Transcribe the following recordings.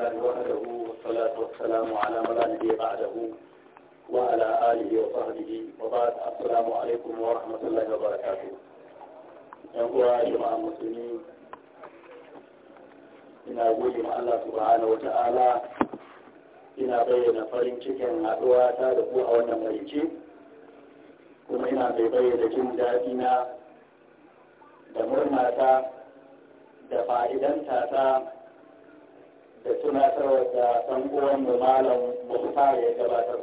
لله وحده والصلاة والسلام على من لا نبي بعده وعلى آله وصحبه وبعد السلام عليكم ورحمة الله وبركاته يقول جماعة المسلمين ina gode ma Allah subhanahu ina bayyana farin cikin haɗuwa da ku a wannan marice kuma ina bai bayyana jin daɗina da murnata da fa'idanta ta da tunatarwar da ɗan uwan mu malam Mukhtar ya gabatar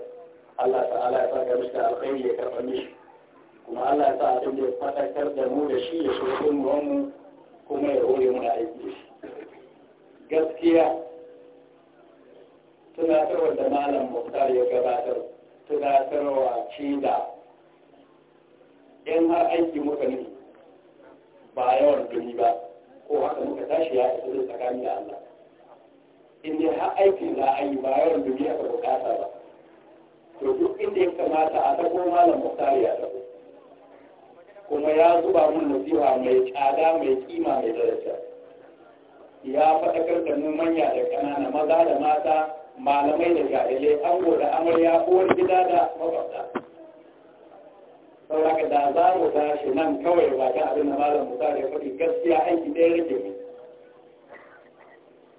Allah ta'ala ya saka mishi alkhairi ya karɓa mishi kuma Allah ya sa abin da ya fatakar da mu da shi ya shigo mu kuma ya hore mu aiki gaskiya tunatarwar da malam Mukhtar ya gabatar tunatarwa ce da in har aiki muka nufi ba yawan gani ba ko haka muka tashi ya isa tsakanin da Allah in har aikin za a yi ba yawan duniya ka bukata ba to duk inda ya kamata a tabo malam muktari ya tabo kuma ya zuba mun nasiha mai tsada mai kima mai daraja ya faɗakar da mu manya da ƙanana maza da mata malamai da jahilai ango da amarya uwar gida da makwabta saboda da za mu tashi nan kawai ba ga abin da malam musa ya faɗi gaskiya aiki ɗaya rage mu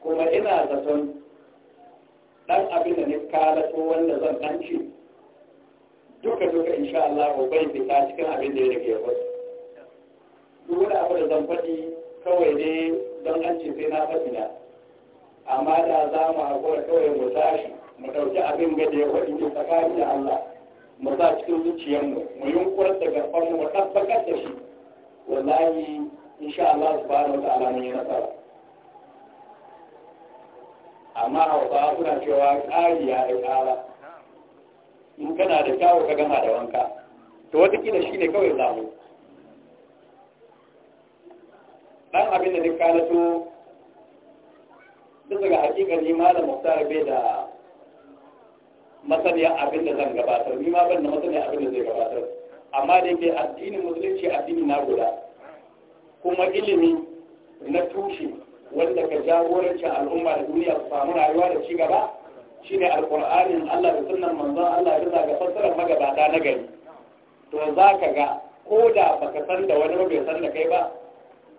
kuma ina zaton ɗan abin da ni kalato wanda zan ɗan ci duka duka insha Allah bai fita cikin abin da ya rage ya wasu duk wani abu da zan faɗi kawai ne don an ce sai na faɗi na amma da za mu haƙura kawai mu tashi mu ɗauki abin da ya faɗi ne tsakani da Allah mu sa cikin zuciyarmu mu yunkurar da garfanmu mu tabbatar da shi wallahi insha Allah subhanahu wa ta'ala ne ya nasara amma a hauka suna cewa ƙari ya yi ƙara in kana da kyawo ka gama da wanka to watakila shi ne kawai zamu ɗan abin da na kalato duk daga hakikar nima da muktar bai da masaniya abin da zan gabatar ni ma ban da masaniya abin da zai gabatar amma da yake addinin musulunci addini na guda kuma ilimi na tushe wanda ka jagoranci al'umma da duniya su samu rayuwa da ci gaba Shi ne alƙur'anin Allah da sunan manzon Allah ya riga ga fassarar magabata na gari to za ka ga ko da baka san da wani bai san da kai ba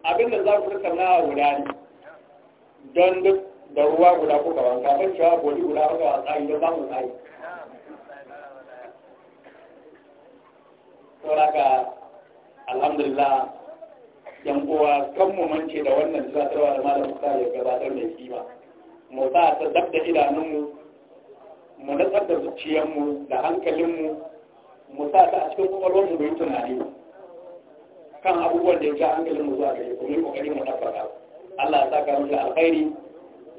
abinda za ku na guda ne don duk da ruwa guda kuka ba kafin cewa godi guda kuka ba tsari don samun tsari sauraka alhamdulillah yan uwa kan mu mance da wannan zatarwa da malam Musa ya gabatar mai kima mu sa ta dab da idanunmu mu natsar da zuciyarmu da hankalinmu mu sa ta a cikin kwakwalwarmu da yi tunani kan abubuwan da ya ja hankalinmu zuwa ga ya yi kokari mu tabbata Allah ya sa mu da alkhairi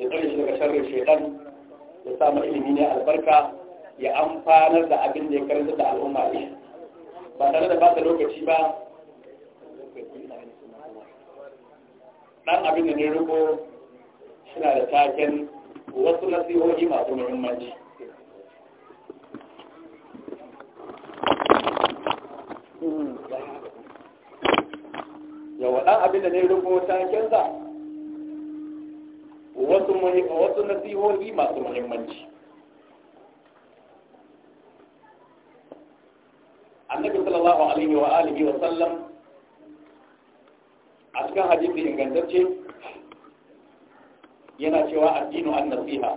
ya tsare shi daga sharrin shaitan ya sa mu ilimi ne albarka ya amfanar da abin da ya karanta da al'umma ba tare da ba lokaci ba ɗan abin da ne rubo suna da taken wasu nasihohi masu muhimmanci yawa ɗan abin da ne rubo taken za wasu wasu nasihohi masu muhimmanci annabi sallallahu alaihi wa alihi wa sallam a cikin hadisi ingantacce yana cewa addinu an nasiha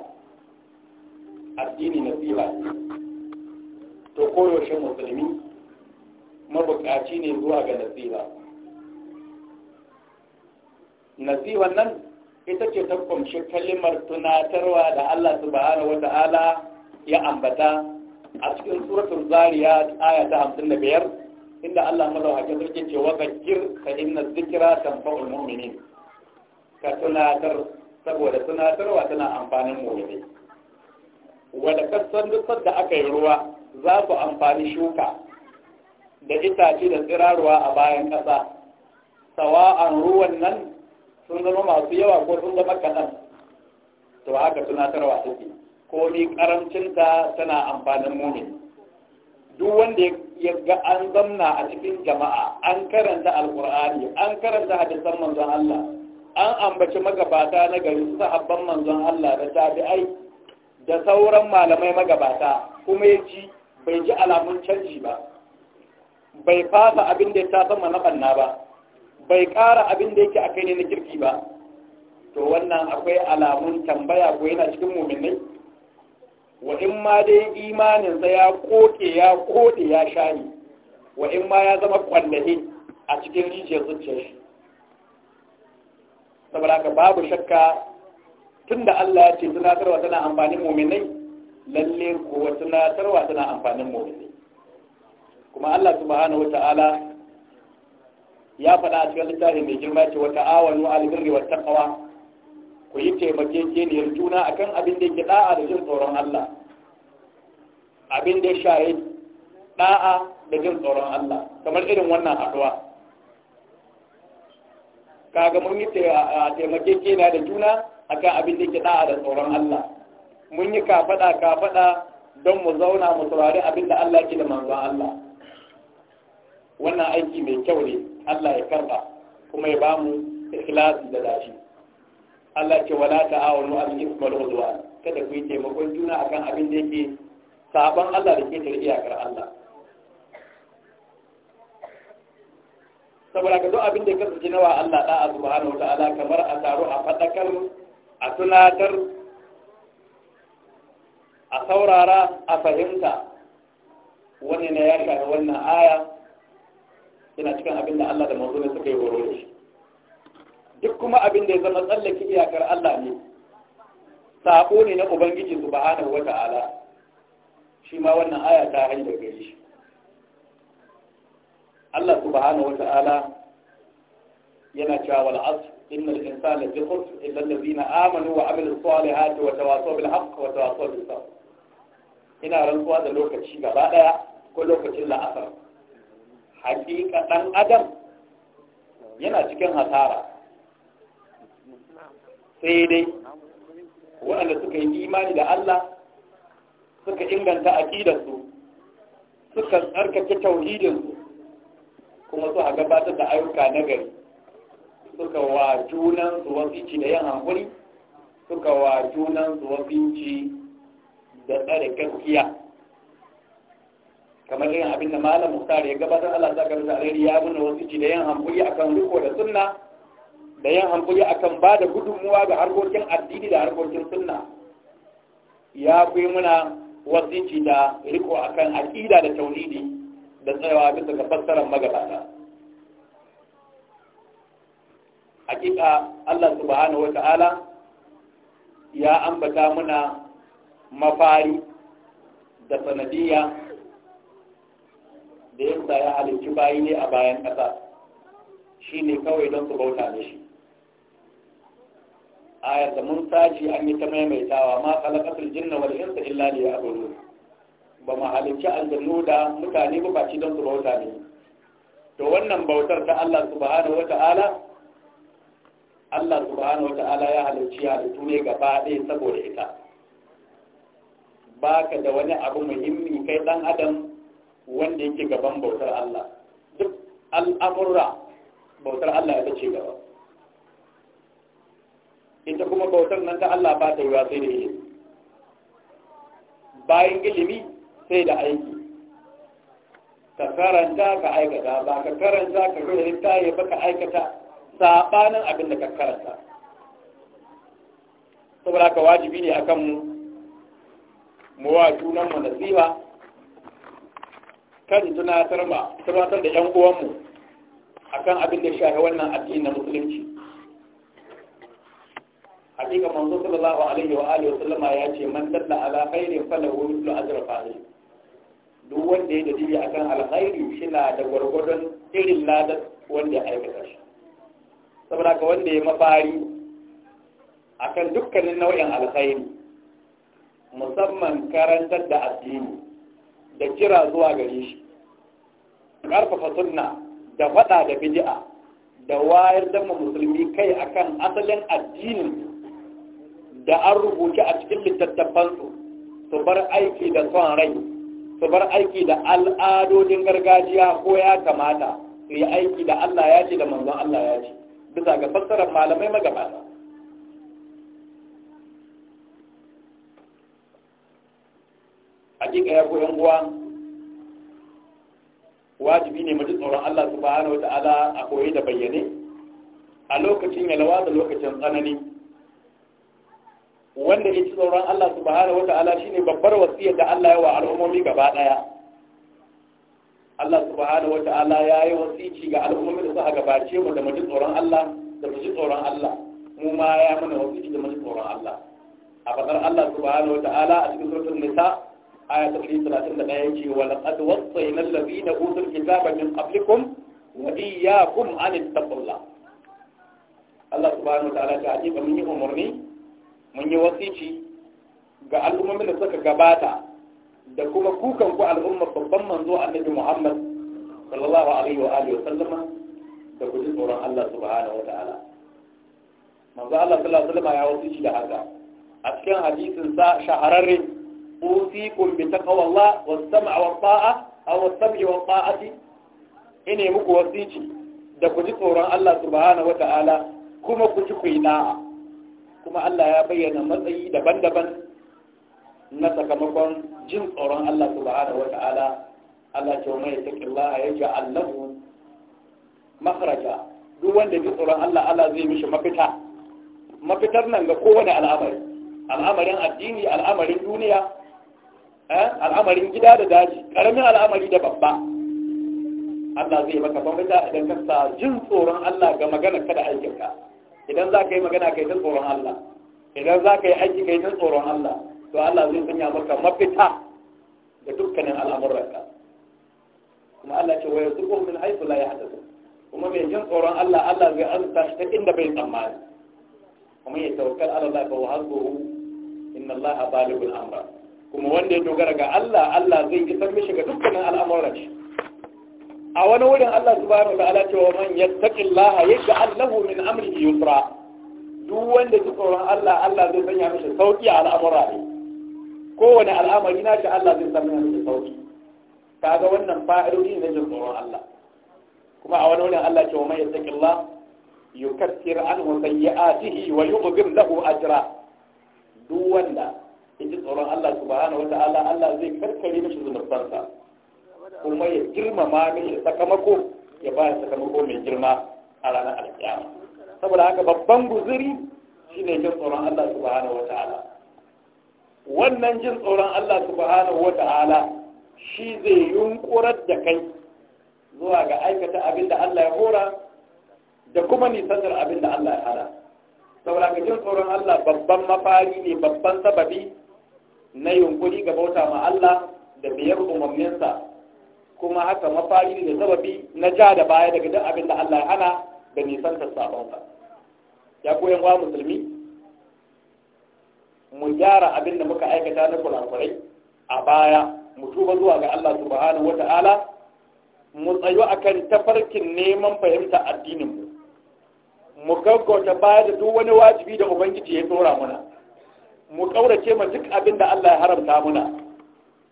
addini nasiha to koyaushe musulmi mabukaci ne zuwa ga nasiha Nasiha nan ita ce ta kwamshi kalimar tunatarwa da Allah subhanahu wa ta'ala ya ambata a cikin suratul zariyat aya ta 55 inda Allah madawacin sarki ce wa zakir fa inna zikra tanfa'ul mu'minin ka tunatar saboda tunatarwa tana amfanin mu'mini wanda kasan duk da aka yi ruwa za ku amfani shuka da itace da tsirarwa a bayan ƙasa sawa'an ruwan nan sun zama masu yawa ko sun zama kaɗan to haka tunatarwa take ni karancinta tana amfanin mu'mini duk wanda ya ya an zamna a cikin jama'a an karanta alkur'ani an karanta hadisan manzon Allah an ambaci magabata na gari su sahabban manzon Allah da tabi'ai da sauran malamai magabata kuma ya ji bai ji alamun canji ba bai fasa abin da ya ta sama na banna ba bai kara abin da yake akai ne na kirki ba to wannan akwai alamun tambaya ko yana cikin muminai wa in ma dai imaninsa ya koke ya kode ya shani wa in ma ya zama kwallahi a cikin rijiyar zuciyar shi saboda ka babu shakka tunda Allah ya ce tunatarwa tana amfanin muminai lalle kuwa tunatarwa tana amfanin muminai kuma Allah subhanahu wata'ala ya faɗa a cikin littafin mai girma ce wata ta'awanu al birri wa taqwa ku yi taimakekeniyar juna kan abin da ke da'a da jin tsoron Allah abin da shaye da'a da jin tsoron Allah kamar irin wannan haduwa kaga mun yi taimakekeniyar da juna kan abin da ke da'a da tsoron Allah mun yi kafaɗa-kafaɗa don mu zauna mu saurari abin da Allah ke da manzon Allah wannan aiki mai kyau ne Allah ya karɓa kuma ya bamu ikhlasi da dashi Allah ce wala ta'awunu al ismi wal udwan kada ku yi taimakon juna akan abin da yake saban Allah da ke tare iyakar Allah saboda ka zo abin da ya kasance nawa Allah a subhanahu wa ta'ala kamar a taro a fadakar a tunatar a saurara a fahimta wani ne ya shafi wannan aya yana cikin abin da Allah da manzo ne suka yi horo da shi duk kuma abin da ya zama tsallake iyakar Allah ne sako ne na ubangiji subhanahu wata'ala shi ma wannan aya ta hanyar da shi Allah subhanahu wata'ala yana cewa wal asr innal insana lafi khusr illa allazina amanu wa amilus salihati wa tawasaw bil haqq wa tawasaw bis sabr ina rantsuwa da lokaci gaba daya ko lokacin la'asar hakika dan adam yana cikin hasara sai dai waɗanda suka yi imani da Allah suka inganta aƙidarsu suka tsarkake tauhidinsu kuma su a gabatar da ayyuka na gari suka wa junansu wasici da yin hankuri suka wa junansu wasici da tsare gaskiya kamar yin abin da malam Mukhtar ya gabatar Allah ka karanta alheri ya bunna wasici da yin hankuri akan riko da sunna da yin hankali akan ba da gudunmuwa ga harkokin addini da harkokin sunna ya fi muna wasici da riko akan aƙida da taunidi da tsayawa bisa ga fassarar magabata hakika Allah subhanahu wa ta'ala ya ambata muna mafari da sanadiyya da yin ya halittu bayi ne a bayan ƙasa shi ne kawai don su bauta da shi. ayar da mun taji an yi ta maimaitawa ma kalakatul jinna wal insa illa liya'budun ba ma halicci aljannu da mutane ba baci don su bauta ne to wannan bautar ta Allah subhanahu wata'ala Allah subhanahu wata'ala ya halicci halittu ne gaba ɗaya saboda ita baka da wani abu muhimmi kai dan adam wanda yake gaban bautar Allah duk al'amurra bautar Allah ya ce gaba ita kuma bautar nan ta Allah ba ta yiwa sai da ilimi bayan ilimi sai da aiki ka karanta ka aikata ba ka karanta ka karanta ya ba ka aikata sabanin abin da ka karanta saboda ka wajibi ne akan mu mu wa junan mu nasiha kan tunatar ma tunatar da yan uwanmu akan abin da shafi wannan addini na musulunci hakika manzo sallallahu alaihi wa alihi wasallama ya ce man dalla ala khairin falahu mithlu ajri fa'il duk wanda ya dalili akan alkhairi shi na da gwargwadon irin ladar wanda ya aikata shi saboda ka wanda ya mafari akan dukkanin nau'in alkhairi musamman karantar da addini da kira zuwa gare shi ƙarfafa sunna da faɗa da bid'a da wayar da musulmi kai akan asalin addinin da an rubuce a cikin littattafansu su bar aiki da son rai su bar aiki da al'adodin gargajiya ko ya kamata su yi aiki da Allah ya ce da manzon Allah ya ce bisa ga fassarar malamai magabata hakika ya koyan uwa wajibi ne mu tsoron Allah subhanahu ta'ala a koyi da bayyane a lokacin yalwa da lokacin tsanani wanda ya ci tsoron Allah subhanahu wata'ala shine babbar wasiyar da Allah ya wa al'ummomi gaba daya Allah subhanahu wata'ala ya yi wasici ga al'ummomi da suka gabace mu da mu ji tsoron Allah da mu ji tsoron Allah mu ma ya mana wasici da mu ji tsoron Allah a bakar Allah subhanahu wata'ala a cikin suratul nisa aya ta 31 yake wa laqad wasayna alladhina utul kitaba min qablikum wa iyyakum an taqullah Allah subhanahu wata'ala ta ajiba mun yi umarni mun yi wasici ga al'ummomin da suka gabata da kuma kukan ku al'ummar babban manzo annabi Muhammad sallallahu alaihi wa alihi wasallama da ku tsoron Allah subhanahu wataala manzo Allah sallallahu alaihi wa ya wasici da haka a cikin hadisin sa shahararre usikum bi taqwallah was sam'a wa ta'a aw was sam'i wa ta'ati ine muku wasici da ku tsoron Allah subhanahu wataala kuma ku ji ku yi da'a kuma Allah ya bayyana matsayi daban-daban na sakamakon jin tsoron Allah subhanahu wa ta'ala Allah ce mai taƙi Allah ya ji Allahu makaraja duk wanda ji tsoron Allah Allah zai mishi mafita mafitar nan ga kowane al'amari al'amarin addini al'amarin duniya eh, al'amarin gida da daji ƙaramin al'amari da babba Allah zai maka bambata idan ka sa jin tsoron Allah ga magana kada aikinka idan za ka yi magana ka yi ta tsoron Allah idan za ka yi aiki ka yi ta tsoron Allah to Allah zai sanya maka mafita da dukkanin al'amuranka kuma Allah ce waya zuwa min haifu la ya haddasa kuma mai jin tsoron Allah Allah zai arzuta shi ta inda bai tsammani kuma ya tawakkal ala Allah fa wahzuhu inna Allah baligul amra kuma wanda ya dogara ga Allah Allah zai isar mishi ga dukkanin al'amuran shi a wani wurin Allah subhanahu wa ta'ala cewa man yattaqillaha yaj'al lahu min amrihi yusra duk wanda ji tsoron Allah Allah zai sanya mishi sauki a al'amura ne kowane al'amari na shi Allah zai sanya mishi sauki kaga wannan fa'idodi ne jin tsoron Allah kuma a wani wurin Allah cewa man yattaqillaha yukaffir anhu sayyi'atihi wa yughfir lahu ajra duk wanda ji tsoron Allah subhanahu wa ta'ala Allah zai karkare mishi zunubansa kuma ya girmama mai sakamako ya ba sakamako mai girma a ranar alkiyama saboda haka babban guzuri ne jin tsoron Allah subhanahu ta'ala. wannan jin tsoron Allah subhanahu ta'ala shi zai yunkurar da kai zuwa ga aikata abin da Allah ya hora da kuma nisantar abin da Allah ya hada saboda ka jin tsoron Allah babban mafari ne babban sababi na yunkuri ga bauta ma Allah da biyar umarninsa kuma haka mafari da sababi na ja da baya daga duk abin da Allah ya hana da nisan ta sabonsa ya koyan wa musulmi mu gyara abin da muka aikata na kurakurai a baya mu tuba zuwa ga Allah subhanahu wata'ala mu tsayu akan tafarkin neman fahimta addinin mu mu gaggauta baya da duk wani wajibi da ubangiji ya tsora muna mu kaurace ma duk abin da Allah ya haramta muna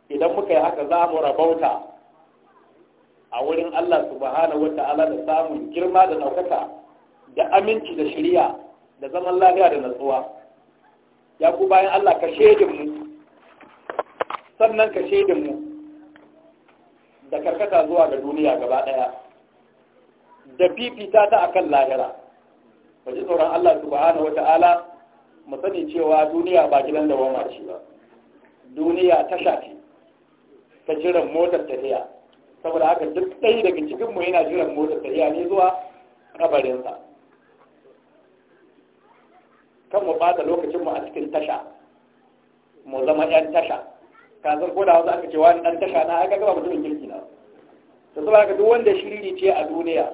idan muka yi haka za mu rabauta a wurin Allah subhanahu wata'ala da samun girma da ɗaukaka da aminci da shirya da zaman lafiya da natsuwa ya ku bayan Allah ka mu sannan ka mu da karkata zuwa ga duniya gaba ɗaya da fifita ta akan lahira ba ji tsoron Allah subhanahu wata'ala mu sani cewa duniya ba gidan da ba duniya tasha ce ta jiran motar tafiya saboda haka duk ɗaya daga cikinmu yana jiran motsa tafiya ne zuwa kabarinsa kan mu ɓata lokacinmu a cikin tasha mu zama 'yan tasha ka ko da wasu aka ce wani ɗan tasha na aka gaba mutumin kirki na ta saboda haka duk wanda shiriri ce a duniya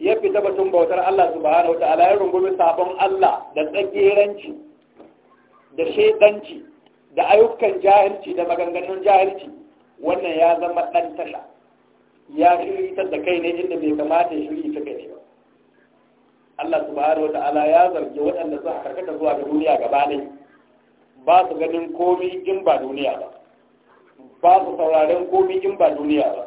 ya fita batun bautar Allah su wa wata ya rungumi sabon Allah da tsageranci da shaidanci, da ayyukan jahilci da maganganun jahilci wannan ya zama ɗan tasha ya shiritar da kai ne inda bai kamata ya shiri ta kai ba Allah subhanahu wata'ala ya zargi waɗanda suka karkata zuwa ga duniya gaba ne ba su ganin komi in ba duniya ba ba su sauraren komi in ba duniya ba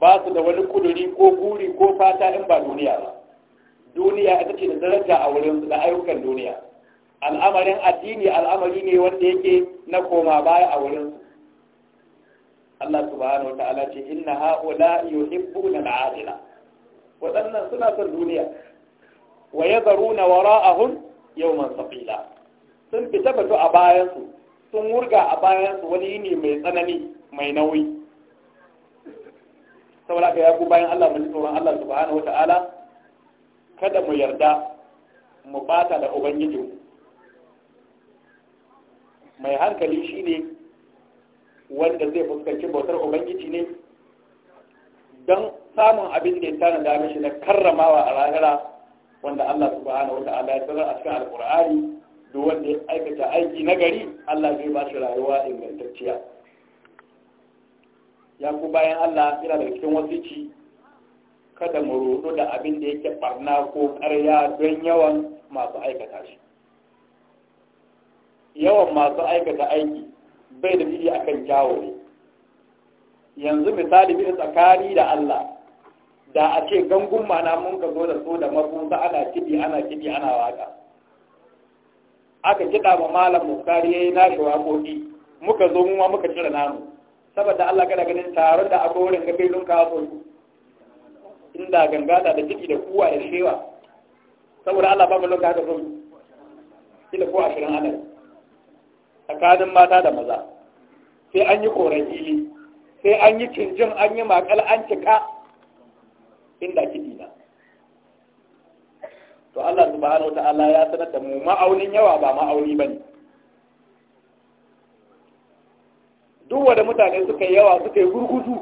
ba su da wani kuduri ko guri ko fata in ba duniya ba duniya ita ce da daraja a wurin da ayyukan duniya al'amarin addini al'amari ne wanda yake na koma baya a wurin Allah subhanahu wata'ala ce inna haula yuhibbuna waɗannan suna son duniya wa yazaruna wara'ahum yawman saqila sun fita batu a bayan sun wurga a bayan su wani yini mai tsanani mai nauyi saboda ka yaku bayan Allah mu tsoron Allah subhanahu kada mu yarda mu bata da ubangiji mai hankali shine wanda zai fuskanci bautar ubangiji ne don samun abin da ya tana da mishi na karramawa a lahira wanda Allah subhanahu wata'ala ya tsara a cikin alkur'ani duk wanda ya aikata aiki na gari Allah zai ba shi rayuwa ingantacciya ya ku bayan Allah yana da cikin wasici kada mu rodo da abin da yake barna ko ƙarya don yawan masu aikata shi yawan masu aikata aiki bai da biji akan kyawo ne yanzu misali biyu tsakani da Allah da a ce gangun mana mun ka zo da so da mafusa ana kiɗi ana kiɗi ana waka aka kiɗa ma malam muktari yayi nashi waƙoƙi muka zo mu ma muka cire namu saboda Allah kada ganin taron da akwai wurin gabe dun ka inda gangada da kiɗi da kuwa da shewa saboda Allah ba mu lokaci da so kila ko ashirin adadi tsakanin mata da maza sai an yi koren ili sai an yi cinjin an yi makal an cika inda kiɗi na to Allah subhanahu ta'ala ya sanar da mu ma'aunin yawa ba ma'auni ba ne duk wanda mutane suka yi yawa suka yi gurgudu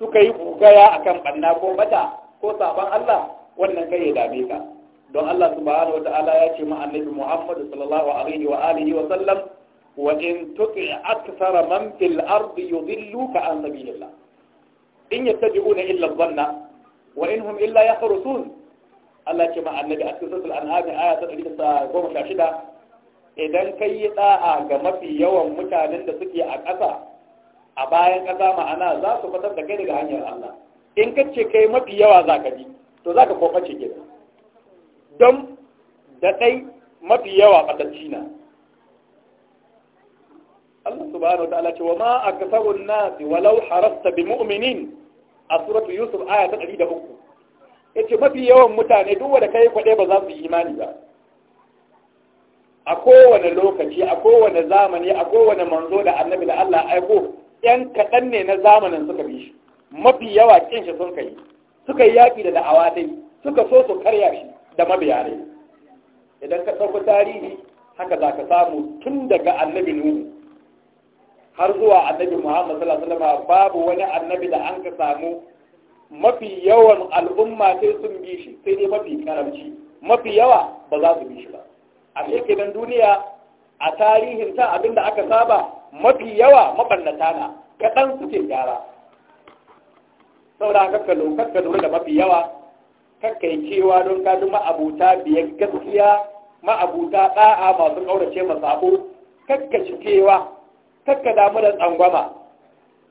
suka yi gugaya akan banna ko bata ko sabon Allah wannan kai ya dame ka don Allah subhanahu ta'ala ya ce ma annabi Muhammad sallallahu alaihi wa alihi wa sallam وإن تطع أكثر من في الأرض يضلوك عن سبيل الله إن يتبعون إلا الظن وإن هم إلا يخرصون الله كما النبي أكثر الأنهار آية تقريبا شاشدة idan ka yi ɗa'a ga mafi yawan mutanen da suke a ƙasa a bayan ƙasa ma'ana za su fitar da kai daga hanyar Allah in ka ce kai mafi yawa za ka to za ka koface don da mafi yawa ɓatacci na Allah subhanahu wa ta'ala ce wa ma aktsarun nasi walau harasta bi mu'minin a suratu yusuf aya ta 103 yace mafi yawan mutane duk wanda kai kwade ba za su yi imani ba a kowane lokaci a kowane zamani a kowane manzo da annabi da Allah aiko yan kaɗan ne na zamanin suka bi shi mafi yawa kin shi sun kai suka yi yaki da da'awa dai suka so su karya shi da mabiya idan ka ɗauki tarihi haka za ka samu tun daga annabi nuhu har zuwa annabi Muhammad sallallahu alaihi wasallam babu wani annabi da an ka samu mafi yawan al'umma sai sun bi shi sai dai mafi karamci mafi yawa ba za su bi shi ba a shekenan duniya a tarihin ta abinda aka saba mafi yawa mabannata na kaɗan suke gyara saboda haka lura da mafi yawa kakkai cewa don ka duma ma'abuta biyar gaskiya ma'abuta ɗa'a masu ƙaurace masabo kakka cikewa kakka damu da tsangwama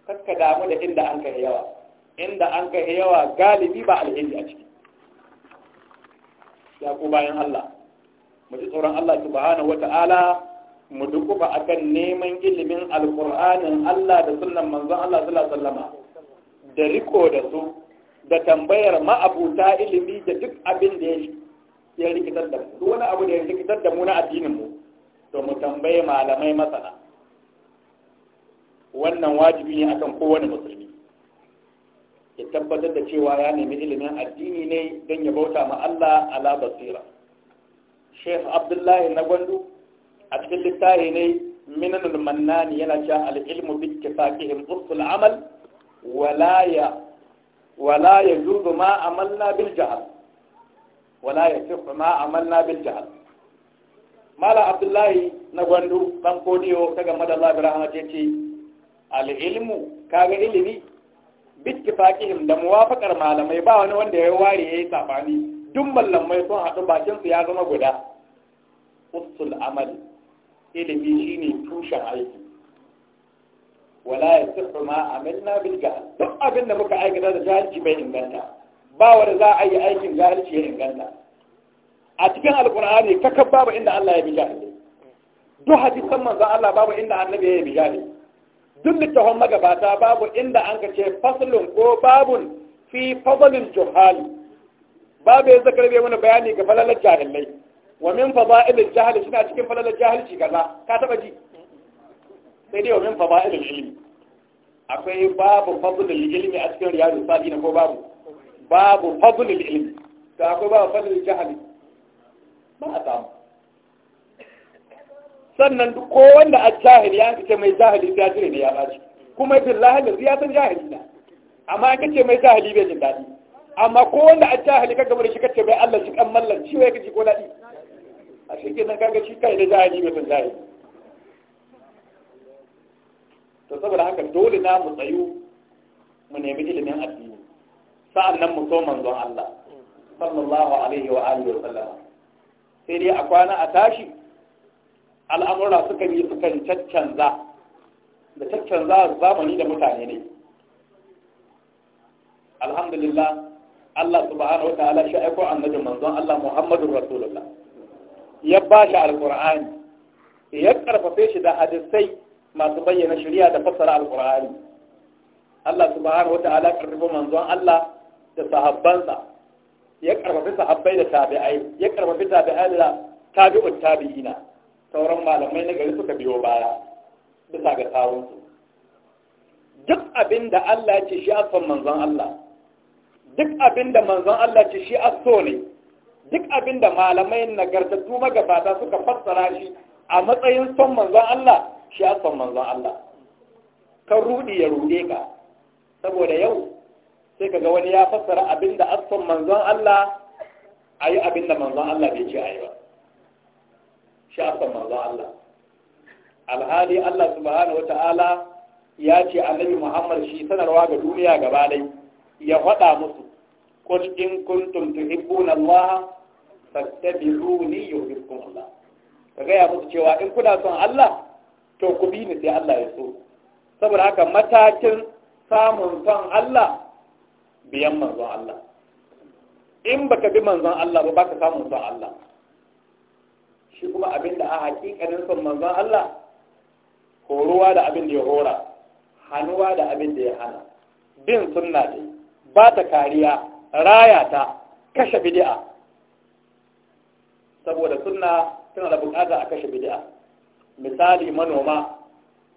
kakka damu da inda an kai yawa inda an kai yawa galibi ba alheri a ciki ya ku bayan Allah mu ji tsoron Allah subhanahu wata'ala mu ba akan neman ilimin alqur'anin Allah da sunnan manzon Allah sallallahu alaihi wasallama da riko da su da tambayar ma'abuta ilimi da duk abin da ya rikitar da mu duk wani abu da ya rikitar da mu na addinin mu to mu tambaye malamai masana wannan wajibi ne akan kowane musulmi ya tabbatar da cewa ya nemi ilimin addini ne don ya bauta ma Allah ala basira Sheikh Abdullahi na Gwandu a cikin littafi ne al mannani yana cewa al-ilmu bi kifaqihim usul amal wala ya wala yajuzu ma amalna bil jahl wala yasihu ma amalna bil jahl mala Abdullahi na Gwandu dan kodiyo ta game da Allah ce al'ilmu kaga ilimi bittifaqihim da muwafakar malamai ba wani wanda ya ware yayi sabani duk mallamai sun haɗu bakin su ya zama guda ƙusul amal ilimi shine tushen aiki wala sirfi ma amilna bil bilga duk abin da muka aikata da jahilci bai inganta ba wanda za a yi aikin jahilci ya inganta a cikin al'ƙur'ani kakan babu inda Allah ya bi jahilci duk hadisan manzan Allah babu inda annabi ya bi jahilci duk da littafin magabata babu inda an ka ce faslun ko babun fi fadlil juhali babu ya zakar bai mana bayani ga falalar jahilai wa min fada'ilil jahili suna cikin falalar jahilci kaza ka taba ji sai dai wa min fada'ilil ilmi akwai babu fadlil ilmi a cikin riyadu salihin ko babu babu fadlil ilmi da akwai babu fadlil jahili ba a samu sannan duk ko wanda a jahil ya kace mai jahili ya jire ne ya baci kuma bin da ya san jahili na amma an kace mai jahili bai jin dadi amma ko wanda a jahili kaga mai shi kace mai Allah shi kan mallan shi wai kaji ko dadi a shi nan kaga shi kai da jahili bai san jahili to saboda haka dole na mu tsayu mu nemi ilimin addini sa'annan mu so manzon Allah sallallahu alaihi wa alihi wa sallam sai dai a kwana a tashi al'amura suka yi sukan caccanza da caccanza zamani da mutane ne alhamdulillah Allah subhanahu ta'ala shi aiko annabi manzon Allah Muhammadur Rasulullah ya ba shi alqur'ani ya karfafe shi da hadisai masu bayyana shari'a da fassara alqur'ani Allah subhanahu ta'ala karfafe manzon Allah da sahabbansa ya karfafe sahabbai da tabi'ai ya karfafe tabi'ai da tabi'ut tabi'ina sauran malamai na gari suka biyo baya bisa ga tawunsu duk abin da Allah ce shi a son manzon Allah duk abin da manzon Allah ce shi ne duk abin da malamai nagartattu magabata suka fassara shi a matsayin son manzon Allah shi a son manzon Allah kan rudi ya rude ka saboda yau sai ka ga wani ya fassara abin da a son manzon Allah a yi abin da manzon Allah bai ce a yi ba shafa manzo Allah alhali Allah subhanahu wata'ala ya ce annabi Muhammad shi sanarwa ga duniya gaba dai ya faɗa musu qul in kuntum tuhibbuna Allah fattabi'uni yuhibbukum Allah kaga ya musu cewa in kuna son Allah to ku bi ni sai Allah ya so saboda haka matakin samun son Allah biyan manzon Allah in baka bi manzon Allah ba baka samun son Allah shi kuma abin da a hakikanin son manzon Allah horuwa da abin da ya hora hannuwa da abin da ya hana bin sunna ne ba ta kariya raya ta kashe bidi'a. saboda sunna tana da bukata a kashe bidi'a. misali manoma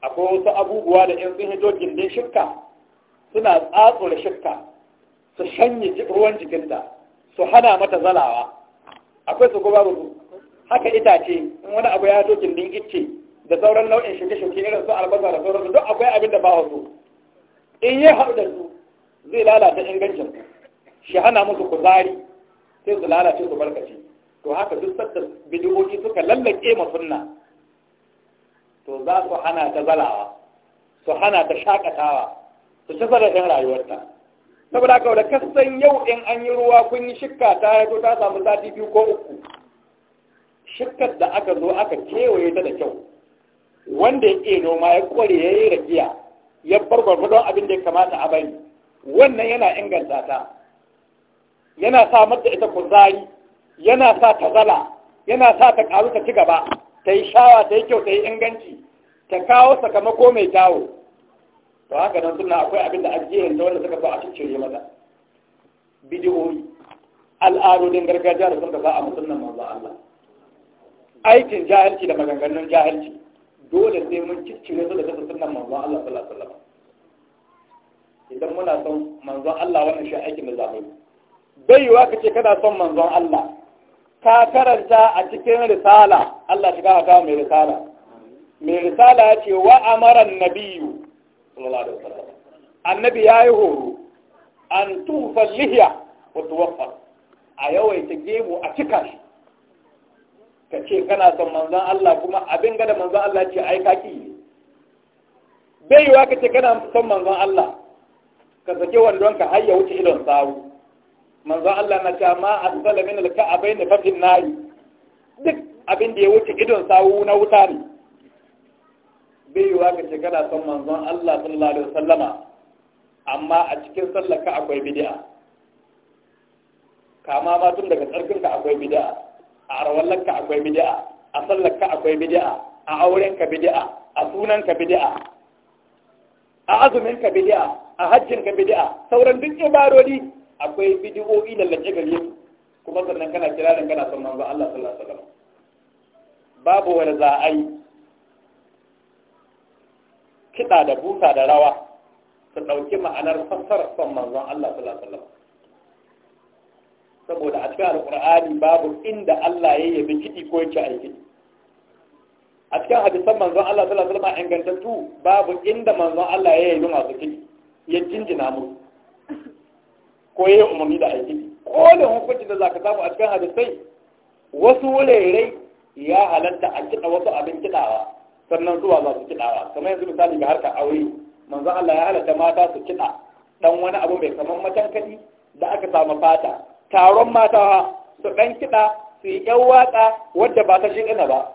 akwai wasu abubuwa da 'yan sun hito gindin shirka suna tsatsura shirka su shanye ruwan jikinta su hana mata zalawa akwai su kuma haka itace in wani abu ya zo gindin icce da sauran nau'in shuke-shuke irin su albasa da sauran duk akwai abin da ba wasu in ya haɗu da su zai lalata ingancin shi hana musu kuzari sai su lalace su barkace to haka duk sadda bidiyoyi suka lallake ma sunna to za su hana ta zalawa su hana ta shakatawa su ci zarafin rayuwarta saboda haka da kasan yau in an yi ruwa kun yi shikka ta yato ta samu sati biyu ko uku shukar da aka zo aka kewaye ta da kyau wanda ya ke noma ya kware ya yi rakiya ya barbarfa don abin da ya kamata a bari wannan yana inganta ta yana sa mata ita kuzari yana sa ta zala yana sa ta karu ta ci gaba ta yi shawa ta yi kyau ta yi inganci ta kawo sakamako mai kyawo to haka nan suna akwai abin da ajiyar da wanda suka so a yi mata bidiyoyi al'adodin gargajiya da sun ka za a musulman manzo Allah aikin jahilci da maganganun jahilci dole sai mun ciccire su daga sunan manzon Allah sallallahu alaihi wasallam idan muna son manzon Allah wannan shi aikin da zamu yi bai yiwa kace kana son manzon Allah ka karanta a cikin risala Allah shiga ka kawo mai risala mai risala ya ce wa amara nabiyyu sallallahu alaihi wasallam annabi yayi horo an tufa lihiya wa tuwaffa a yawaita gemu a cika shi ka ce kana son manzan Allah kuma abin gada manzan Allah ce ai kaki ne bai yiwa ka ce kana son manzan Allah ka sake wandon ka har ya wuce idon sawu manzan Allah na ce ma asala min alka'abai ne fafin yi. duk abin da ya wuce idon sawu na wuta ne bai yiwa ka ce kana son manzan Allah sallallahu alaihi wasallama amma a cikin sallaka akwai bid'a kama ma tun daga tsarkinka akwai bid'a a arwallarka akwai bidi'a, a sallarka akwai bidi'a, a aurenka bidi'a, a sunanka bidi'a, a azuminka bidi'a, a hajjinka bidi'a, sauran duk ibarori akwai bid'o'i lallace gare su kuma sannan kana kira da kana son manzo Allah sallallahu alaihi wasallam babu wani za a yi kiɗa da busa da rawa su ɗauki ma'anar fassarar son manzo Allah sallallahu alaihi wasallam saboda a cikin alƙur'ani babu inda Allah ya yabi kiɗi ko yake aiki a cikin hadisan manzon Allah sallallahu alaihi wasallam ingantattu babu inda manzon Allah ya yabi masu kiɗi ya jinjina mu ko ya umarni da aiki ko da hukunci da zaka samu a cikin hadisai wasu wurare ya halatta a kiɗa wasu abin kiɗawa sannan zuwa za su kiɗawa kamar yanzu misali ga harkar aure manzon Allah ya halatta mata su kiɗa dan wani abu mai kaman matankadi da aka samu fata taron mata su ɗan kiɗa su yi 'yan waƙa wadda ba ta ɗina ba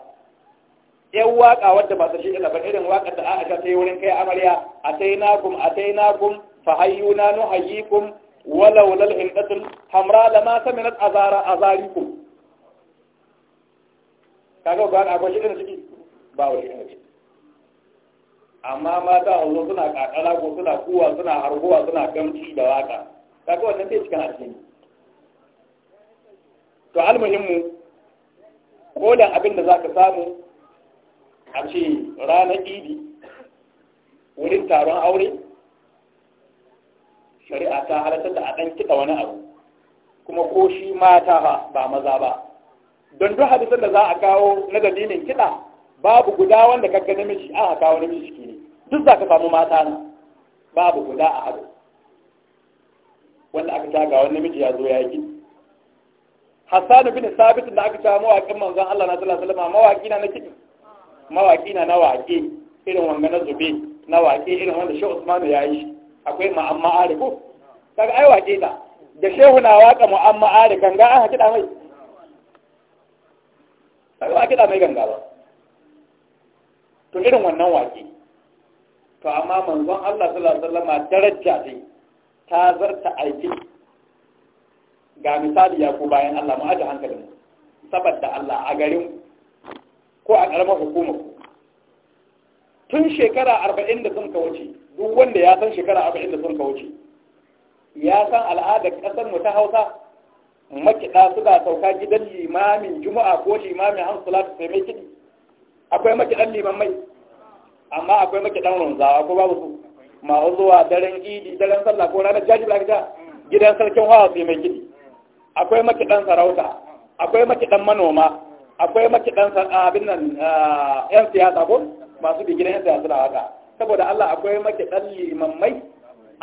'yan waƙa wadda ba ta ɗina ba irin waƙar da Aisha ta yi wurin kai amarya a sai na gum a sai na gum fa hayyuna nu hayyikum walau lal hindatul hamra lama saminat azara azarikum kaga ba akwai shiɗina ciki ba wani ɗin ciki amma mata a zo suna kakala ko suna kuwa suna harguwa suna gamci da waka kaga wannan bai cikin addini to almuhimmu ko da abin da za ka samu a ce ranar idi wurin taron aure shari'a ta halatta da a ɗan kiɗa wani abu kuma ko shi mata ba ba maza ba don duk hadisan da za a kawo na dalilin kiɗa babu guda wanda kakka namiji a kawo namiji shi ne duk za ka samu mata na babu guda a hadu wanda aka taga wani namiji ya zo ya yi hassan bin sabit da aka samu kan manzon Allah na sallallahu alaihi wasallam mawaki na nake mawaki na nawaki irin wanga na zube na irin wanda Shehu Usman ya yi akwai ma'amma ariku kaga ai waje ta da Shehu na waƙa mu'amma arikan ga aka kiɗa mai kaga ba da mai ganga ba to irin wannan waƙe to amma manzon Allah sallallahu alaihi wasallam daraja dai ta zarta aiki ga misali ya ku bayan Allah mu aje hankalin saboda Allah a garin ko a karamar hukumar tun shekara arba'in da sun ka wuce duk wanda ya san shekara arba'in da sun ka wuce ya san al'adar kasar mu ta hausa su da sauka gidan limamin juma'a ko limamin an salatu sai mai kidi akwai makidan liman mai amma akwai makidan runzawa ko babu su ma zuwa daren idi daren sallah ko ranar jaji black gidan sarkin hawa sai mai kidi akwai makiɗan sarauta akwai makiɗan manoma akwai makiɗan ah, abin nan ah, yan siyasa ko masu bigiran yan siyasa da haka saboda Allah akwai makiɗan limammai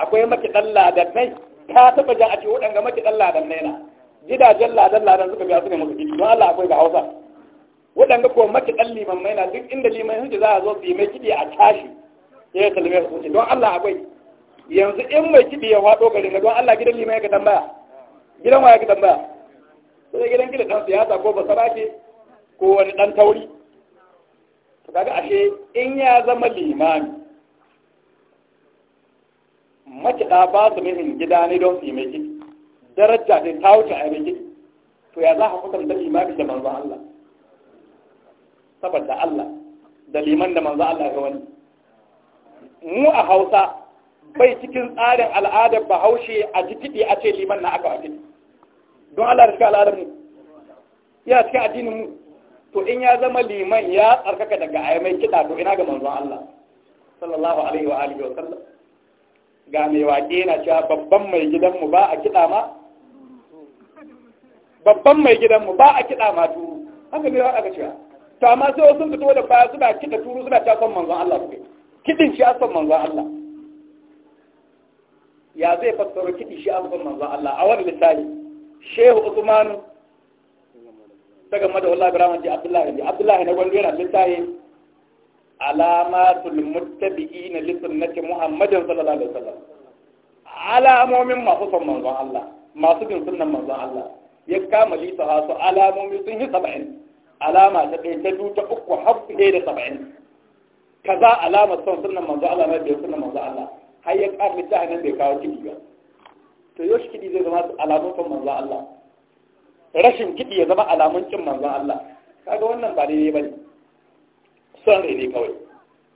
akwai makiɗan ladannai ka taɓa jan a ce waɗanga makiɗan ladannai na gidajen ladan ladan suka biya su ne musu kiɗi don Allah akwai ga Hausa Waɗanga ko makiɗan limammai na duk inda liman sun za a zo su yi mai kiɗi a tashi ya yi kalmai su don Allah akwai yanzu in mai kiɗi ya faɗo garin don Allah gidan liman ya ka tambaya gidan waya ka tambaya sai gidan gidan ya ta ko ke ko wani dan tauri to kaga ashe in ya zama limami makiɗa ba su mihin gida ne don su yi mai gidi daraja ne ta wuce a yi to ya za a kusanta limami da manzo Allah saboda Allah da liman da manzo Allah ga wani mu a Hausa bai cikin tsarin al'adar bahaushe a jikiɗi a ce liman na aka wajen don Allah da suka al'adar mu ya cikin addinin mu to in ya zama liman ya tsarkaka daga ayyamai kiɗa to ina ga manzon Allah sallallahu alaihi wa alihi wa sallam ga mai waƙe na cewa babban mai gidanmu ba a kiɗa ma babban mai gidanmu ba a kiɗa ma turu haka ne aka cewa to amma sai wasu sun fito da baya suna kiɗa turu suna cakon son manzon Allah su kiɗin shi asan son manzon Allah ya zai fassara kiɗi shi an zama za Allah a wani misali shehu usmanu ta game da wallahi ibrahim ji abdullahi ji abdullahi na gwandu yana littahi alamatul muttabi'ina li sunnati muhammadin sallallahu alaihi wasallam alamomin masu son manzo Allah masu bin sunnan manzo Allah ya kama lisa su alamomi sun yi saba'in alama ta ɗaya ta duta uku har su da saba'in kaza alama son sunnan manzo Allah na biyu sunnan manzo Allah har ya ƙar littafin nan bai kawo kiɗi ba to yau shi kiɗi zai zama alamun kan manzan Allah rashin kiɗi ya zama alamun kin manzan Allah kaga wannan ba daidai ba ne son rai ne kawai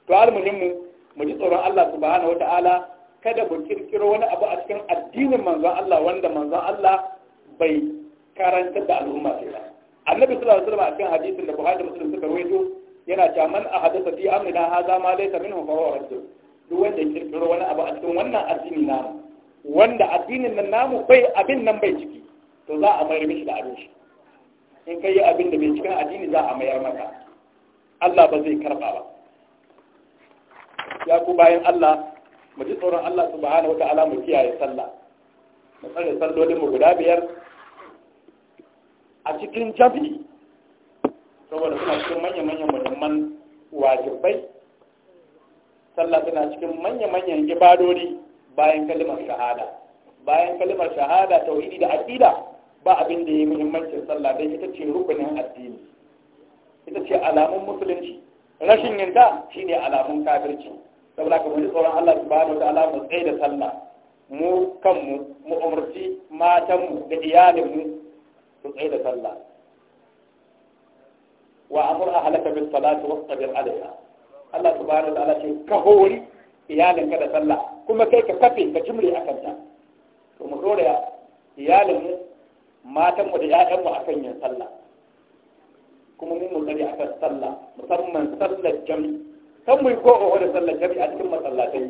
to almuhimmu mu ji tsoron Allah subhanahu wataala kada mu kirkiro wani abu a cikin addinin manzon Allah wanda manzon Allah bai karanta da al'umma sai ba annabi sallallahu alaihi wasallam a cikin hadisin da Buhari da Muslim suka rawaito yana cewa man ahadatha fi amrina hadha ma laysa minhu fa huwa rajul duk wanda ya kirkiro wani abu a cikin wannan addini namu wanda addinin nan namu bai abin nan bai ciki to za a mayar mishi da abin shi in kai abin da bai cikin addini za a mayar maka Allah ba zai karba ba ya ku bayan Allah mu ji tsoron Allah subhanahu wataala mu kiyaye sallah mu tsare sallolin mu guda biyar a cikin jabi saboda suna cikin manyan manyan muhimman wajibai sallah tana cikin manya-manyan ibadori bayan kalimar shahada bayan kalmar shahada tauhidi da aqida ba abin da yi muhimmancin sallah dai ita ce rukunin addini ita ce alamun musulunci rashin yinta shine alamun kafirci saboda ka da tsoron Allah subhanahu wa ta'ala mu tsaye da sallah mu kanmu mu umarci matanmu da mu su tsaye da sallah wa amur ahlaka bis salati wastabir alaiha Allah subhanahu wa ta'ala ce ka hori iyalinka da sallah kuma kai ka kafe ka jimre a kanta to mu dora iyalinmu matanmu da 'ya'yanmu akan yin sallah kuma mun mu tsare akan sallah musamman sallar jami'i kan mu yi ko da sallar jami'i a cikin masallatai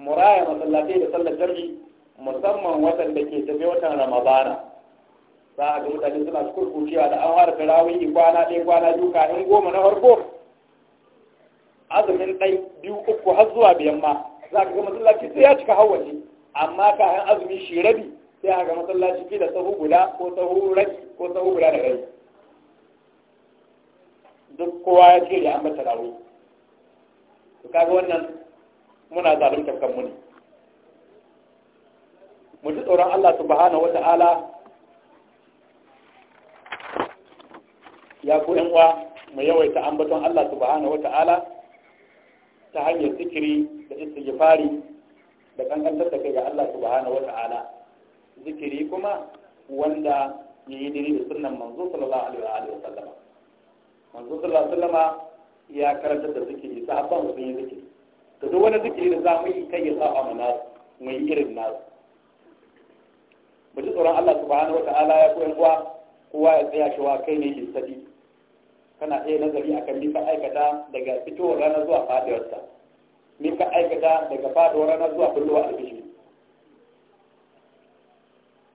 mu raya masallatai da sallar jami'i musamman watan da ke tafi watan ramadana za a ga mutane suna kurkucewa da an fara tarawih kwana ɗaya kwana biyu in goma na farko azumin ɗai biyu uku har zuwa biyan ma za ka ga masallaci sai ya cika hawace amma ka han azumi shi rabi sai ka ga masallaci ke da sahu guda ko sahu rabi ko sahu guda da rai duk kowa ya ce ya ambata rawi to kaga wannan muna zalunta kanmu ne mu ji tsoron Allah subhanahu wata'ala ya ku yan uwa mu yawaita ambaton Allah subhanahu wata'ala ta hanyar zikiri da istighfari da kankantar da kai ga Allah subhanahu wata'ala zikiri kuma wanda ya yi diri da sunan manzo sallallahu alaihi wa wasallam manzo sallallahu alaihi wasallam ya karanta da zikiri sahabban sun yi zikiri to duk wani zikiri da za mu yi kai ya mu mana mu yi irin nasu mu ji tsoron Allah subhanahu wata'ala ya koyar kowa ya tsaya shi wa kai ne lissadi kana iya nazari akan ni ka aikata daga fitowar rana zuwa faduwarsa ni ka aikata daga faduwar rana zuwa a albishi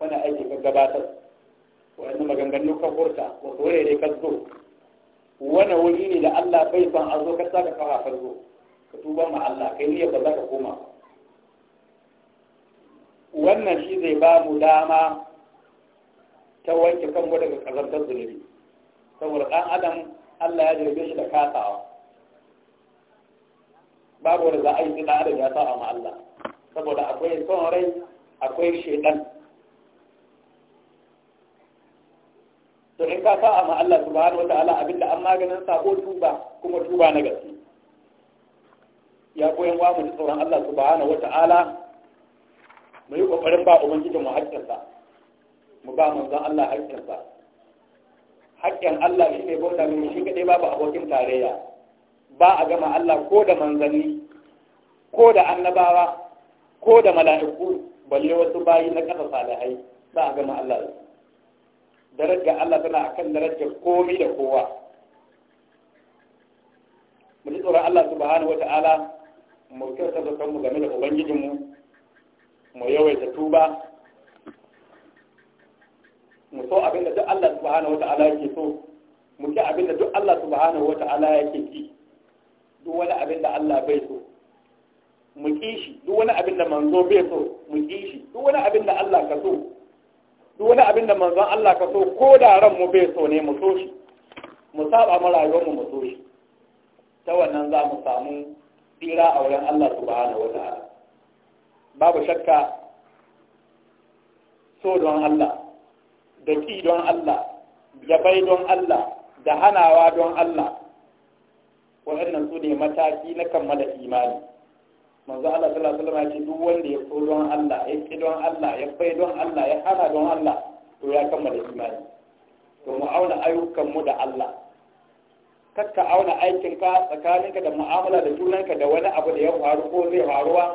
wani aiki ka gabatar wani maganganu ka furta wasu ne ka zo wani wuri ne da Allah bai son a zo ka saka kafa ka zo ka tuba ma Allah kai niyyar ba za ka koma wannan shi zai ba mu dama ta wanke kanmu daga kazantar zunubi saboda ɗan adam Allah ya jirge shi da katawa babu wanda za a yi da adam ya sa ma Allah saboda akwai son rai akwai shaidan to in ka sa'a ma Allah wata ala abinda an maganin sako tuba kuma tuba na gaske ya koyan wa mu tsoron Allah wata ala mu yi ƙoƙarin ba da mu haƙƙinsa mu ba manzon Allah haƙƙinsa haƙƙin Allah shi ne bauta mai shi kaɗai babu abokin tarayya ba a gama Allah ko da manzanni ko da annabawa ko da mala'iku balle wasu bayi na ƙasa salihai ba a gama Allah da darajar Allah tana akan darajar komai da kowa mu ji tsoron Allah subhanahu wata'ala mu kyautar da kanmu game da ubangijinmu mu yawaita tuba mu so abinda duk Allah subhanahu wata'ala yake so mu ki abinda duk Allah subhanahu wata'ala yake ki duk wani abinda Allah bai so mu ki shi duk wani abinda manzo bai so mu ki shi duk wani abinda Allah ka so duk wani abinda manzo Allah ka so ko da ran mu bai so ne mu so shi mu saba mu rayuwar mu mu so shi ta wannan za mu samu tsira a wurin Allah subhanahu wata'ala babu shakka so don Allah da ƙi don Allah da bai don Allah da hanawa don Allah waɗannan su ne mataki na kammala imani manzo Allah sallallahu alaihi wasallam ya duk wanda ya so don Allah ya ƙi don Allah ya bai don Allah ya hana don Allah to ya kammala imani to mu auna ayyukan mu da Allah kakka auna aikinka tsakaninka da mu'amala da junanka da wani abu da ya faru ko zai faruwa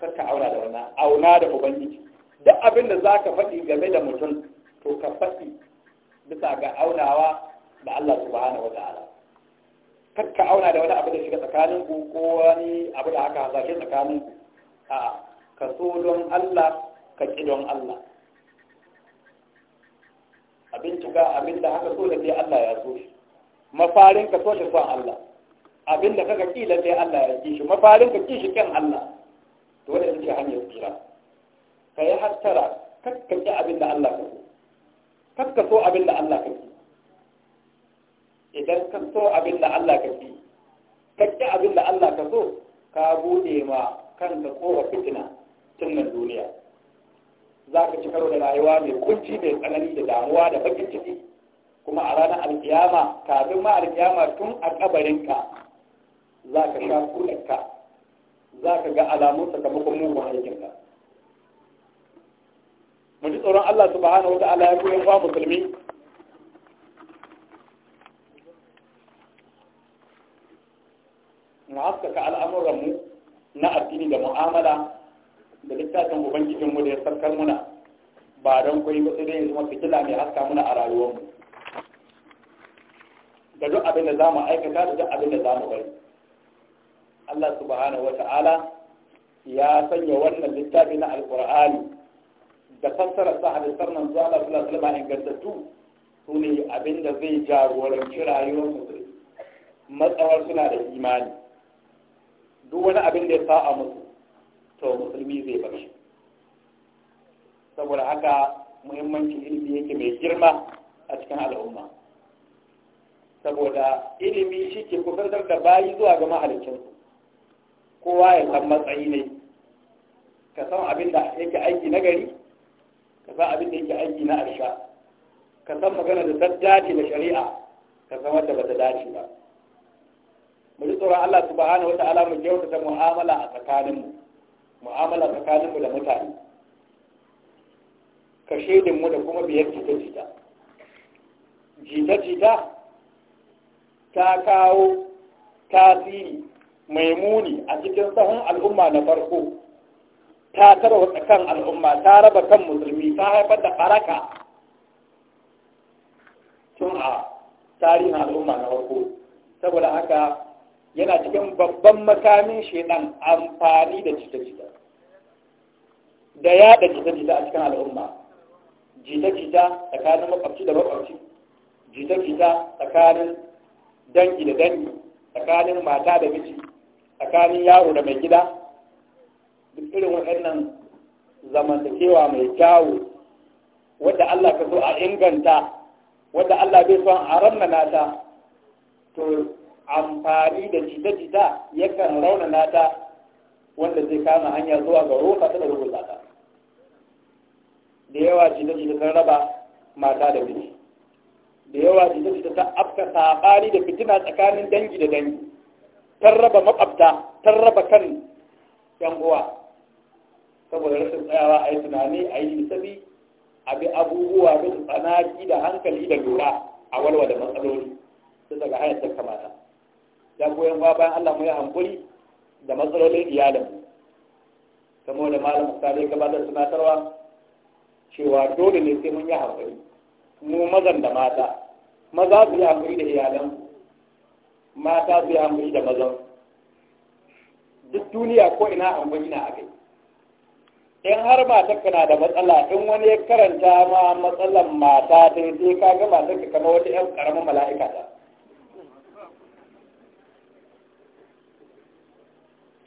kakka auna da wannan auna da ubangiji duk abin da zaka faɗi game da mutum to ka faɗi bisa ga aunawa da Allah subhanahu wa ta'ala kar ka auna da wani abu da shiga tsakanin ku ko wani abu da aka hasashe tsakanin ku a ka so don Allah ka ki don Allah abin cika abin da haka so da sai Allah ya so shi mafarin ka so shi son Allah abin da kaka kila sai Allah ya ki shi mafarin ka ki shi kan Allah to wanda yake hanyar tsira ka yi hattara kakkace abin da Allah ka so kanka ka so abin da Allah ka fi idan ka so abin da Allah ka kake kakki abin da Allah ka so ka bude ma kanka kowa fitina tun nan duniya za ka ci karo da rayuwa mai kunci mai tsanani da damuwa da bakin ciki kuma a ranar alkiyama kafin ma alkiyama tun a kabarinka za ka sha kuɗinka za ka ga alamun sakamakon mugun aikinka mu ji tsoron Allah subhanahu wa ta'ala ya koyi wa musulmi mu haskaka al'amuran mu na addini da mu'amala da littafin ubangijin mu da ya sarkar muna ba don koyi ba sai dai zama fitila mai haska muna a rayuwar mu da duk abin da za mu aikata da duk abin da za mu bari Allah subhanahu wa ta'ala ya sanya wannan littafi na alkur'ani da fassara sa hadisar nan zuwa da sallallahu alaihi ingantattu su ne abinda zai jagoranci rayuwar musulmi matsawar suna da imani duk wani abin da ya sa'a musu to musulmi zai bar shi saboda haka muhimmancin ilimi yake mai girma a cikin al'umma saboda ilimi shi ke kusantar da bayi zuwa ga mahalicinsu kowa ya san matsayi ne ka san abin da yake aiki na gari ka san abin da yake aiki na arsha ka san magana da ta dace da shari'a ka san wadda ba ta dace ba mu ji tsoron Allah subhanahu wata'ala mu kyautata mu'amala a tsakaninmu mu'amala tsakaninmu da mutane ka mu da kuma biyar jita-jita jita-jita ta kawo tasiri mai muni a cikin sahun al'umma na farko ta tarwata kan al'umma ta raba kan musulmi ta haifar da faraka tun a tarihin al'umma na farko saboda haka yana cikin babban makamin shaidan amfani da jita-jita da yada jita-jita a cikin al'umma jita-jita tsakanin makwabci da makwabci jita-jita tsakanin dangi da dangi tsakanin mata da miji tsakanin yaro da mai gida duk irin waɗannan zamantakewa mai kyawu wadda Allah ka so a inganta wadda Allah bai son a raunana ta to amfani da jita-jita yakan raunana ta wanda zai kama hanya zuwa ga roƙa ta da rubuta ta da yawa jita-jita ta raba mata da miji da yawa jita-jita ta afka saɓari da fitina tsakanin dangi da dangi ta raba tarraba ta raba kan yan uwa saboda rashin tsayawa a yi tunani a yi lissafi a bi abubuwa da tsanaki da hankali da lura a walwa da matsaloli su daga hanyar ta kamata ya goyon ba bayan allah mu yi hankuli da matsalolin iyalinmu kamo da malam misali gabatar tunatarwa cewa dole ne sai mun yi hankali mu mazan da mata maza su yi hankuli da iyalan, mata su yi hankuli da mazan duk duniya ko ina hankali na a kai in har matarka na da matsala in wani ya karanta ma matsalan mata ta sai ka ga matarka kama wata yan karamin mala'ika ta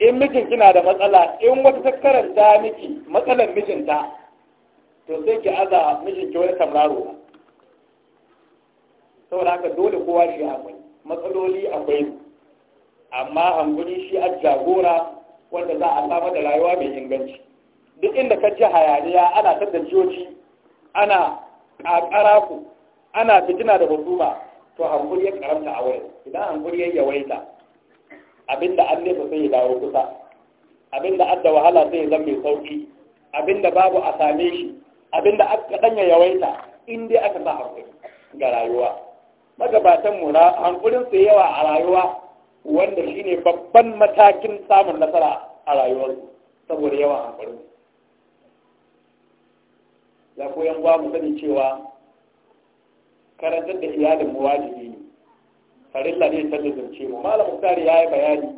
in mijin kina da matsala in wata ta karanta miki matsalan mijinta to sai ki aza mijinki wani tamraro saboda haka dole kowa shi akwai matsaloli akwai amma hanguni shi a jagora wanda za a samar da rayuwa mai inganci duk inda ka ji hayaniya ana ta dajoji ana ƙaƙara ku ana fitina da husuma to hankuri ya karanta a wurin idan hankuri ya yawaita abinda an nesa sai ya dawo kusa abinda an wahala sai ya zan mai sauki abinda babu a same shi abinda aka kaɗan yawaita in dai aka sa hankuri ga rayuwa magabatan mu hankurin su yawa a rayuwa wanda shine babban matakin samun nasara a rayuwarsu saboda yawan hankurin ya koyan ba mu sani cewa karantar da iyalin mu wajibi ne farilla ne ta zance mu malam Mutari ya yi bayani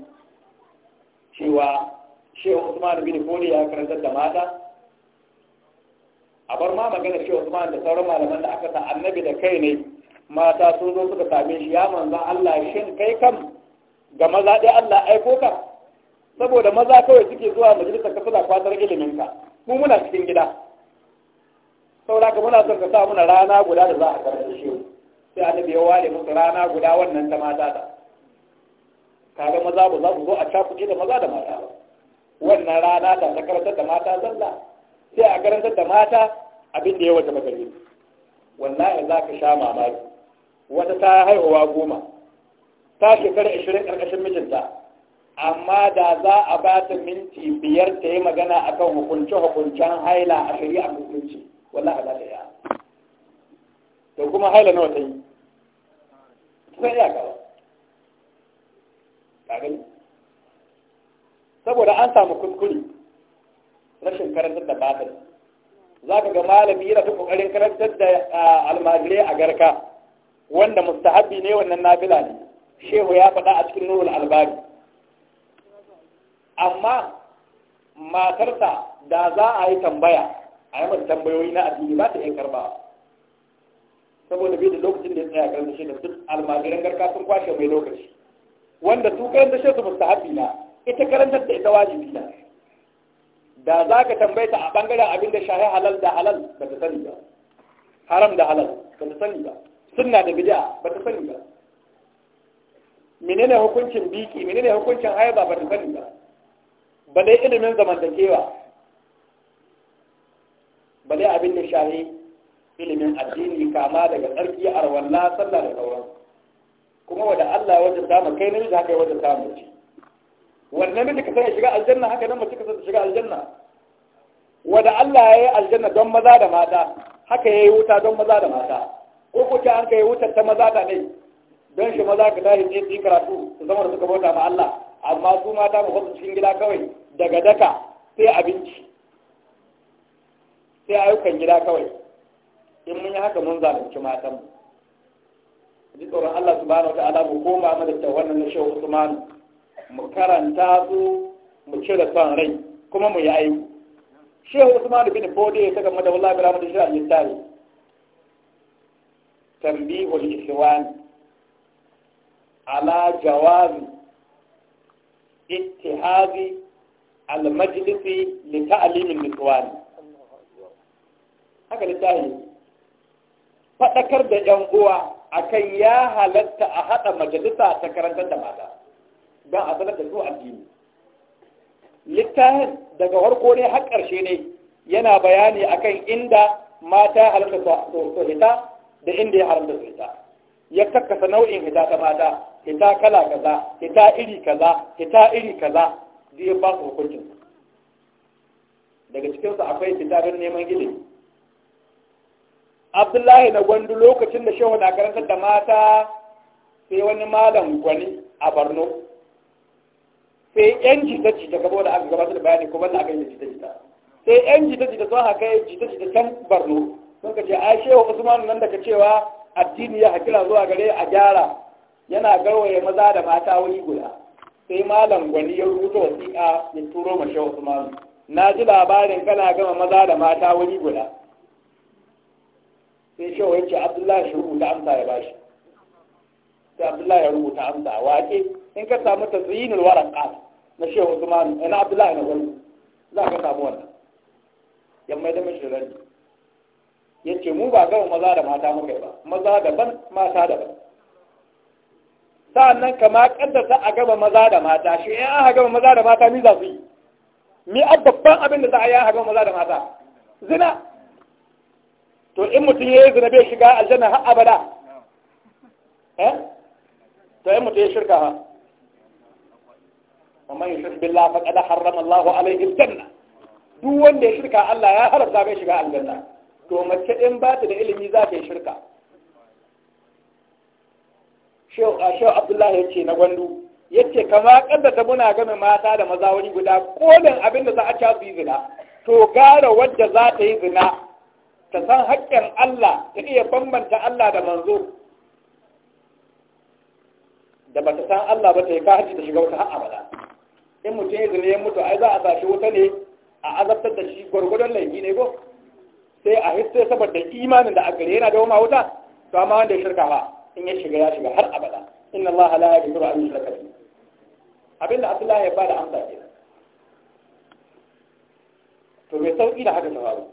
cewa shehu usman bin fodi ya karantar da mata a bar ma magana shehu usman da sauran malaman da aka sa annabi da kai ne mata sun zo suka same shi ya manzo Allah shin kai kam ga maza dai Allah aiko ka saboda maza kawai suke zuwa majalisar ka suna kwatar iliminka mu muna cikin gida saboda ka muna son ka sa muna rana guda da za a karanta shi sai annabi ya ware musu rana guda wannan ta mata ta kaga maza ba za ku zo a cakuɗe da maza da mata ba wannan rana ta ta karantar da mata zalla sai a karanta da mata abin da ya wata magani wallahi za ka sha mamaki wata ta haihuwa goma ta shekara ashirin ƙarƙashin mijinta amma da za a ba ta minti biyar ta yi magana akan hukunce-hukuncen haila a shari'a musulunci wala ba ya to kuma haila nawa ta yi ya iya gaba ka saboda an samu kuskure rashin karantar da batir za ka ga malami yana ta kokarin karantar da almajirai a garka wanda mustahabi ne wannan nafila ne shehu ya faɗa a cikin nurul albari amma matarsa da za a yi tambaya a yi masu tambayoyi na addini ba ta yin karba saboda bai da lokacin da ya tsaya karanta shi da duk almajiran garka sun kwashe mai lokaci wanda su karanta shi su hafi na ita karantar da ita wajibi na da za ka tambaye ta a bangaren abin da shahi halal da halal ba ta sani ba haram da halal ba ta sani ba sunna da bid'a ba ta sani ba menene hukuncin biki menene hukuncin haiba ba ta sani ba ba dai ilimin zamantakewa bale abin da shahi ilimin addini kama daga tsarki arwalla sallah da sauran kuma wanda Allah wanda samu kai ne da haka wanda samu ci wannan da ka sai shiga aljanna haka nan mace ka sai shiga aljanna wanda Allah ya yi aljanna don maza da mata haka ya yi wuta don maza da mata ko ko ta an kai wutar ta maza da ne don shi maza ka tashi ne su yi karatu su zama da suka bauta ma Allah amma su mata ba su cikin gida kawai daga daka sai abinci sai ayyukan gida kawai in mun yi haka mun zalunci matan mu ji tsoron Allah subhanahu wa ta'ala mu koma mu da wannan na shehu Usman mu karanta su mu cire son rai kuma mu yi aiki shehu Usman bin Fode ya saka mata wallahi bila mutum tari. littafi tambihul iswan ala jawazi ittihazi al majlisi li ta'limin niswan haka littafi faɗakar da ‘yan uwa akan ya halatta a haɗa majalisa ta karantar da mata don a sanar da su addini littafin daga farko ne har ƙarshe ne yana bayani akan inda mata halatta su hita da inda ya haramta su hita ya kakkasa nau'in hita ta mata hita kala kaza hita iri kaza hita iri kaza zai ba su hukuncin daga cikinsu akwai hita don neman ilimi abdullahi na gwandu lokacin da shehu na karantar da mata sai wani malam gwani a borno sai yan jita-jita gaba da aka gabatar da bayani kuma da aka yi jita-jita sai yan jita-jita sun haka yi jita-jita can borno sun ka ce a shehu usman nan daga cewa addini ya hakira zuwa gare a gyara yana garwaye maza da mata wani guda sai malam gwani ya rubuta wasiƙa ya turo ma shehu usman na ji labarin kana gama maza da mata wani guda sai shehu ya ce abdullahi ya rubuta amsa ya bashi sai abdullahi ya rubuta amsa wa ake in ka samu ta tazyinul ƙasa na shehu usman ina eh, abdullahi na gwani za ka samu wannan yamma da mishi ya ce mu ba gama maza da mata muka yi ba maza daban mata daban sa'annan kama kaddasa a gama maza da mata shi in aka gama maza da mata ni za su yi mi a babban abin da za a yi aka gama maza da mata zina to in mutum ya yi zina bai shiga aljanna har abada eh to in mutum ya shirka ha ya shirka billah fa kada harrama Allahu alayhi aljanna duk wanda ya shirka Allah ya haramta bai shiga aljanna to mace in ba ta da ilimi za ta yi shirka Shehu Abdullahi ya ce na gwandu yace kama kaddata muna gami mata da maza wani guda kodin abin da za a ci su yi zina to gara wadda za ta yi zina ta san haƙƙin Allah ta iya bambanta Allah da manzo da ba ta san Allah ba ta yi ka haji ta shiga wata ha'a ba in mutum ya zane ya mutu ai za a sashi wuta ne a azabtar da shi gwargwadon laifi ne ko sai a hisse saboda imanin da a gare yana da ma wuta to amma wanda ya shirka ba in ya shiga ya shiga har abada inna Allah la yaghfiru an yushraka bihi abinda Allah ya bada amsa ke to me sauki da haka ta faru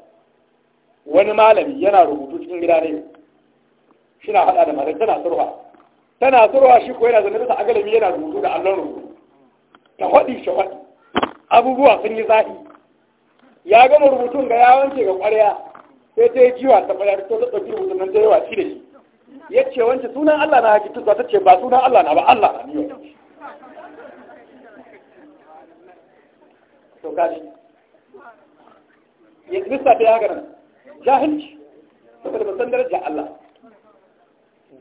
wani malami yana rubutu cikin gida ne shina hada da malami tana surwa tana surwa shi ko yana zane da agalami yana rubutu da allon rubutu ta hadi shi hadi abubuwa sun yi zafi. ya gama rubutun ga yawance ga kwarya sai ta yi jiwa ta bayar ta ɗauki rubutun nan ta yi watsi da shi ya ce wance sunan Allah na hakitu ta ce ba sunan Allah na ba Allah na niyo to kaji ya lissa ta yi nan jahilci saboda ba san darajar Allah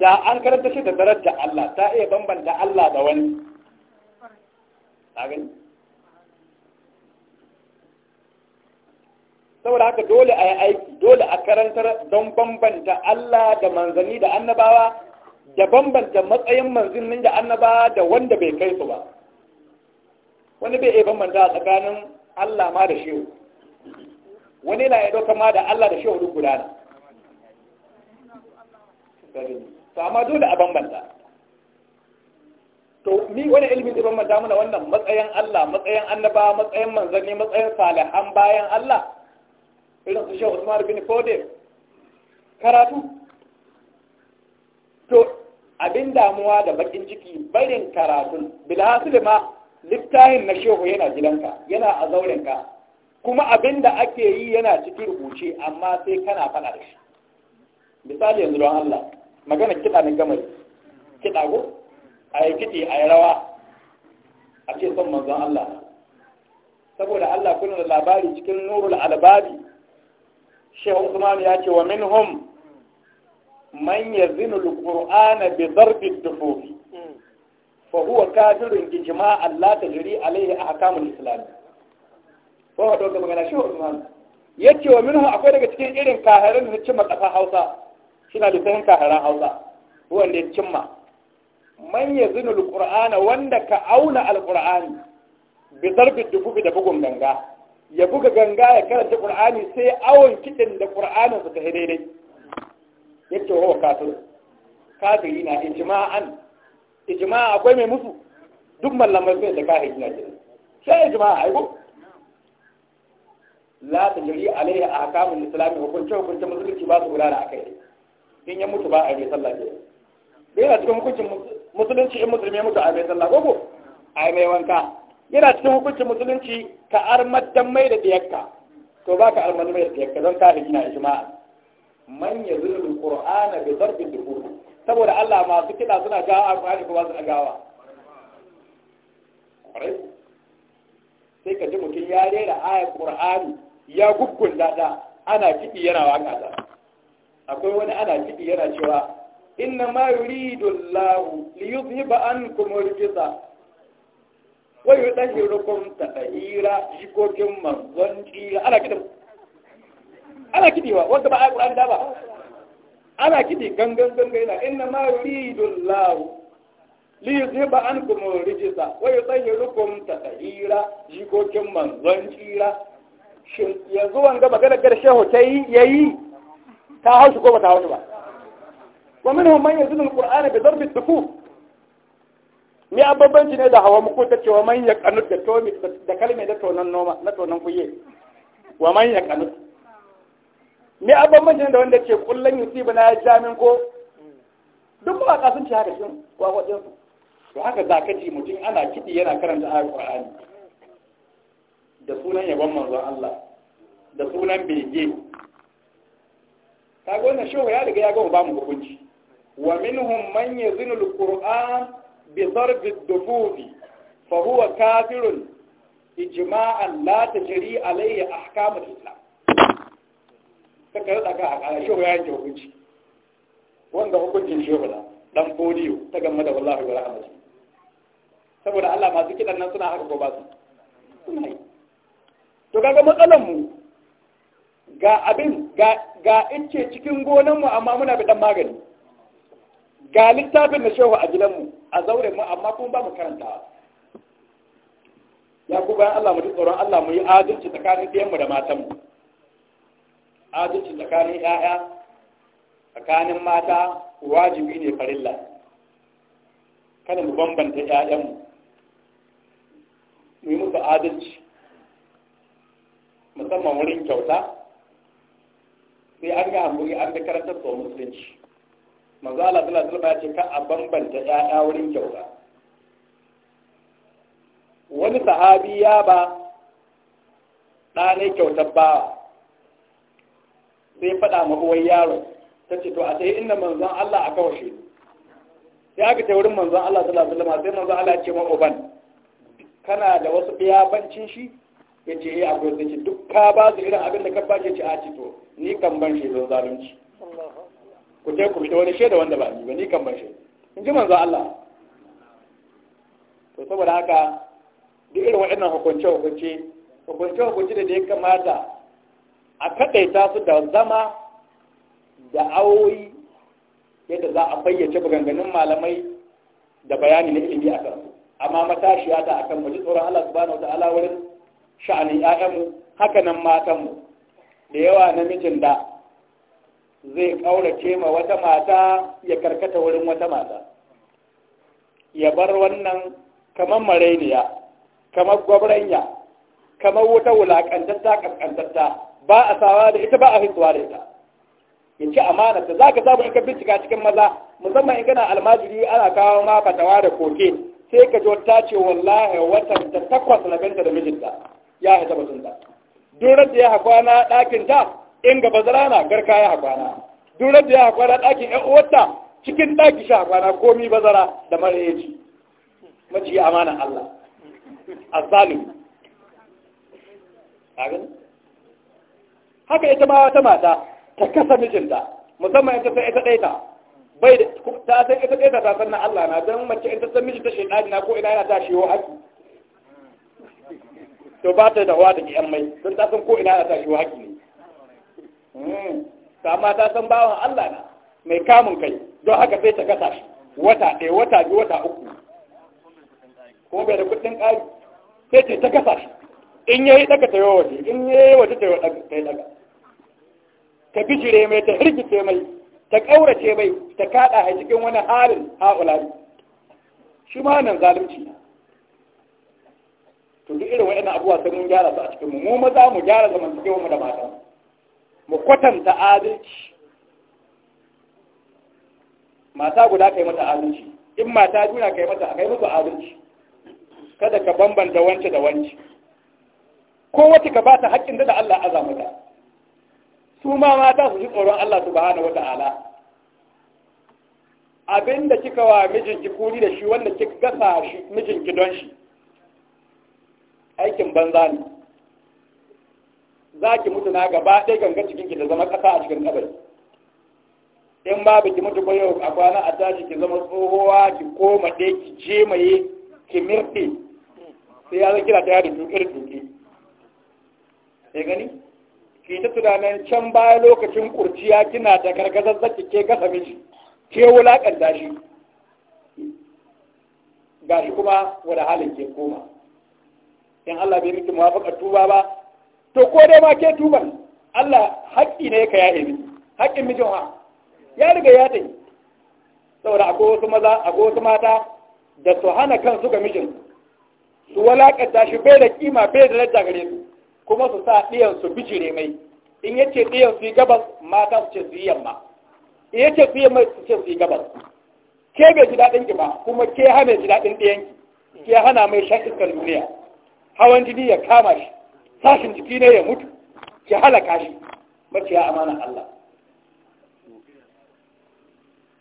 da an karanta shi da darajar Allah ta iya bambanta Allah da wani a saboda haka dole a yi aiki dole a karantar don bambanta Allah da manzanni da annabawa da bambanta matsayin manzannin da annabawa da wanda bai kai su ba wani bai iya bambanta a tsakanin Allah ma da shi wani na ya dauka ma da Allah da shehu guda na to amma dole a bambanta to ni wani ilimin da bambanta mana wannan matsayin Allah matsayin annaba matsayin manzanni matsayin salihan bayan Allah irin su shehu Usman bin Fode karatu to abin damuwa da bakin ciki barin karatun da ma littafin na shehu yana gidanka yana a zaurenka kuma abin da ake yi yana cikin rubuce amma sai kana faɗa da shi misali yanzu don Allah magana kiɗa na gamari kiɗa go a yi kiɗi a yi rawa a ce son manzon Allah saboda Allah kuna da labari cikin nurul albabi shehu Usman ya ce wa minhum man yazinu alqur'ana bi darbi ad-dufufi mm. fa huwa kafirun ijma'an la tajri alayhi ahkamul islam ko hado ga magana shi ya ce wa minhu akwai daga cikin irin kaharin da cimma kasa Hausa suna da lisan kaharan Hausa wanda ya cimma man yazinu alqur'ana wanda ka auna alqur'ani bi zarbi dubu da bugun ganga ya buga ganga ya karanta qur'ani sai awon kidin da qur'anin su ta daidai ya ce wa kafir kafiri na ijma'an ijma'a akwai mai musu duk mallamai sun da kafiri na jira sai ijma'a aiko la tajri alaihi ahkamul islami hukunci hukunci musulunci ba su gudana kai in yi mutu ba a yi sallah ne da yana cikin hukuncin musulunci in musulmi ya mutu a yi sallah ko ko a yi wanka yana cikin hukuncin musulunci ka armatan mai da diyakka to ba ka armatan mai da diyakka don ka gina a jima'a manya yazulul qur'ana bi darbi dukur saboda Allah masu kiɗa suna gawa a ƙwari kuma suna gawa sai ka ji mutum ya rera ayar ƙur'ani ya gukkun da ana kiɗi yana waka da akwai wani ana kiɗi yana cewa inna ma yuridu Allahu li yuzhiba ankum rijsa wa yudahhirukum tadhira jikokin manzon tsira ana kiɗi ana wa wanda ba a da ba ana kiɗi gangan gangan yana inna ma yuridu Allahu liyuzhiba ankum rijsa wa yutahhirukum tatahira jikokin manzon tsira yanzu wanga magana gara shehu ta yi ya yi ta haushi ko ba ta haushi ba wa minhum man yazidu alqur'ana da darbi dufuf ni babbanci ne da hawa muku ta ce wa ya kanu da tomi da kalme da tonon noma na tonon kuye wa manya kanu kanut a babbanci ne da wanda ce kullum kullan yusiba na jamin ko duk ba kasance haka cikin kwakwacin su to haka zaka ji mutum ana kiɗi yana karanta alqur'ani da sunan yabon manzon Allah da sunan bege kaga wannan shehu ya riga ya ga ba mu hukunci wa minhum man yazinu alquran bi darbi ad-dufufi fa huwa kafirun ijma'an la tajri alayhi ahkam al-islam kaka da ka akala shehu ya yanke hukunci wanda hukuncin shehu da dan podiyo ta gama da wallahi wa rahmatu saboda Allah masu kidan nan suna haka ko ba su suna to kaga matsalan mu ga abin ga ince cikin gonan mu amma muna bi dan magani ga littafin da shehu a gidan mu a zaure mu amma kuma ba mu karanta ya ku bayan Allah mu ji tsoron Allah mu yi adalci tsakanin ɗiyan mu da matan mu adalci tsakanin ƴaƴa tsakanin mata wajibi ne farilla kada mu bambanta ƴaƴan mu mu yi musu adalci musamman wurin kyauta sai an ga hamburi an da karantar tsohon musulunci manzo Allah sallallahu alaihi wasallam ya ce ka a bambanta ƴaƴa wurin kyauta wani sahabi ya ba ɗanai kyautar ba sai faɗa ma uwar yaro ta ce to a sai inda manzon Allah a kawashe sai aka ce wurin manzon Allah sallallahu alaihi wasallam sai manzon Allah ya ce ma uban kana da wasu biyabancin shi ya ce iya eh, akwai sai ce duk ka ba su irin abin da ka ba ce a cito ni kan ban shi zan zalunci ku ta ku fita wani shaida wanda ba ni ba ni kan ban shi in ji manzo Allah to saboda haka duk irin waɗannan hukunce hukunce hukunce hukunce da ya kamata a kaɗaita su da zama da awoyi yadda za a fayyace maganganun malamai da bayani na ilimi a kansu amma matashiya ta akan mu tsoron Allah subhanahu wa ta'ala wurin sha'anin ‘ya'yanmu haka nan matanmu da yawa namijin da zai ƙaurace ma wata mata ya karkata wurin wata mata ya bar wannan kamar marainiya kamar gwabranya kamar wuta wulaƙantatta ƙasƙantatta ba a sawa da ita ba a hituwa da ita ya ci amana ta za ka samu in ka bincika cikin maza musamman in kana almajiri ana kawo ma fatawa da koke sai ka jo ta ce wallahi watan ta takwas na binta da mijinta ya haɗa batunta durar da ya ɗakin ta in gaba zarana garka ya na durar da ya na ɗakin ‘yan uwarta cikin ɗaki shi na komi bazara da mara ya ci maci amanan Allah a zalim haka ita ma wata mata ta kasa mijinta musamman ita sai ita ɗaita bai da ta san ita ɗaita ta san na Allah na don mace ita san mijinta shaidani na ko ina yana tashiwo haƙi to ba ta da hawa da yan mai don ta san ko ina na tashi haƙi ne hmm. ta ma ta san bawan Allah na mai kamun kai don haka sai ta kasa shi wata ɗaya wata biyu wata uku kuma bai da kuɗin ƙari sai ce ta kasa shi in yayi daga ta yi waje in yayi waje ta yi daga ta bijire mai ta hirgice mai ta ƙaurace mai ta kaɗa a cikin wani halin ha'ulari shi ma nan zalunci na to duk irin waɗannan abubuwa sai mun gyara su a cikin mu mu maza mu gyara cikin mu da mata mu kwatanta adalci mata guda kai mata adalci in mata juna kai mata kai musu adalci kada ka bambanta wance da wance ko wata ka bata haƙƙin da Allah azza mata su ma mata su ji tsoron Allah subhanahu wata'ala abinda kika wa mijinki kuri da shi wanda kika gasa shi mijinki don shi aikin banza ne za ki mutu na gaba ɗaya ganga cikin ki ta zama ƙasa a cikin kabari in ba ki mutu ba yau a kwana a tashi ki zama tsohuwa ki koma ɗaya ki maye ki mirɗe sai ya zan kira ta yada tuƙe-tuƙe ya gani ki ta tunanin can baya lokacin kurciya kina da gargazar zaki ke gasa miji ke wulaƙanta shi gashi kuma wani halin ke koma in Allah bai miki muwafaqar tuba ba to ko dai ma ke tuban Allah haƙƙi ne ka yaye miki haƙƙin mijin ha ya riga ya dai saboda akwai wasu maza akwai wasu mata da su hana kansu ga mijin su walakanta shi bai da kima bai da daraja gare su kuma su sa ɗiyan su bijire mai in yace ɗiyan su yi gabas mata su ce su yi yamma in yace su yi mai su ce su yi gabas ke bai ji daɗin ki ba kuma ke hana ji daɗin ɗiyan ki ke hana mai shan iskar duniya hawan jini ya kama shi sashin jiki ne ya mutu ya halaka shi maciya amana Allah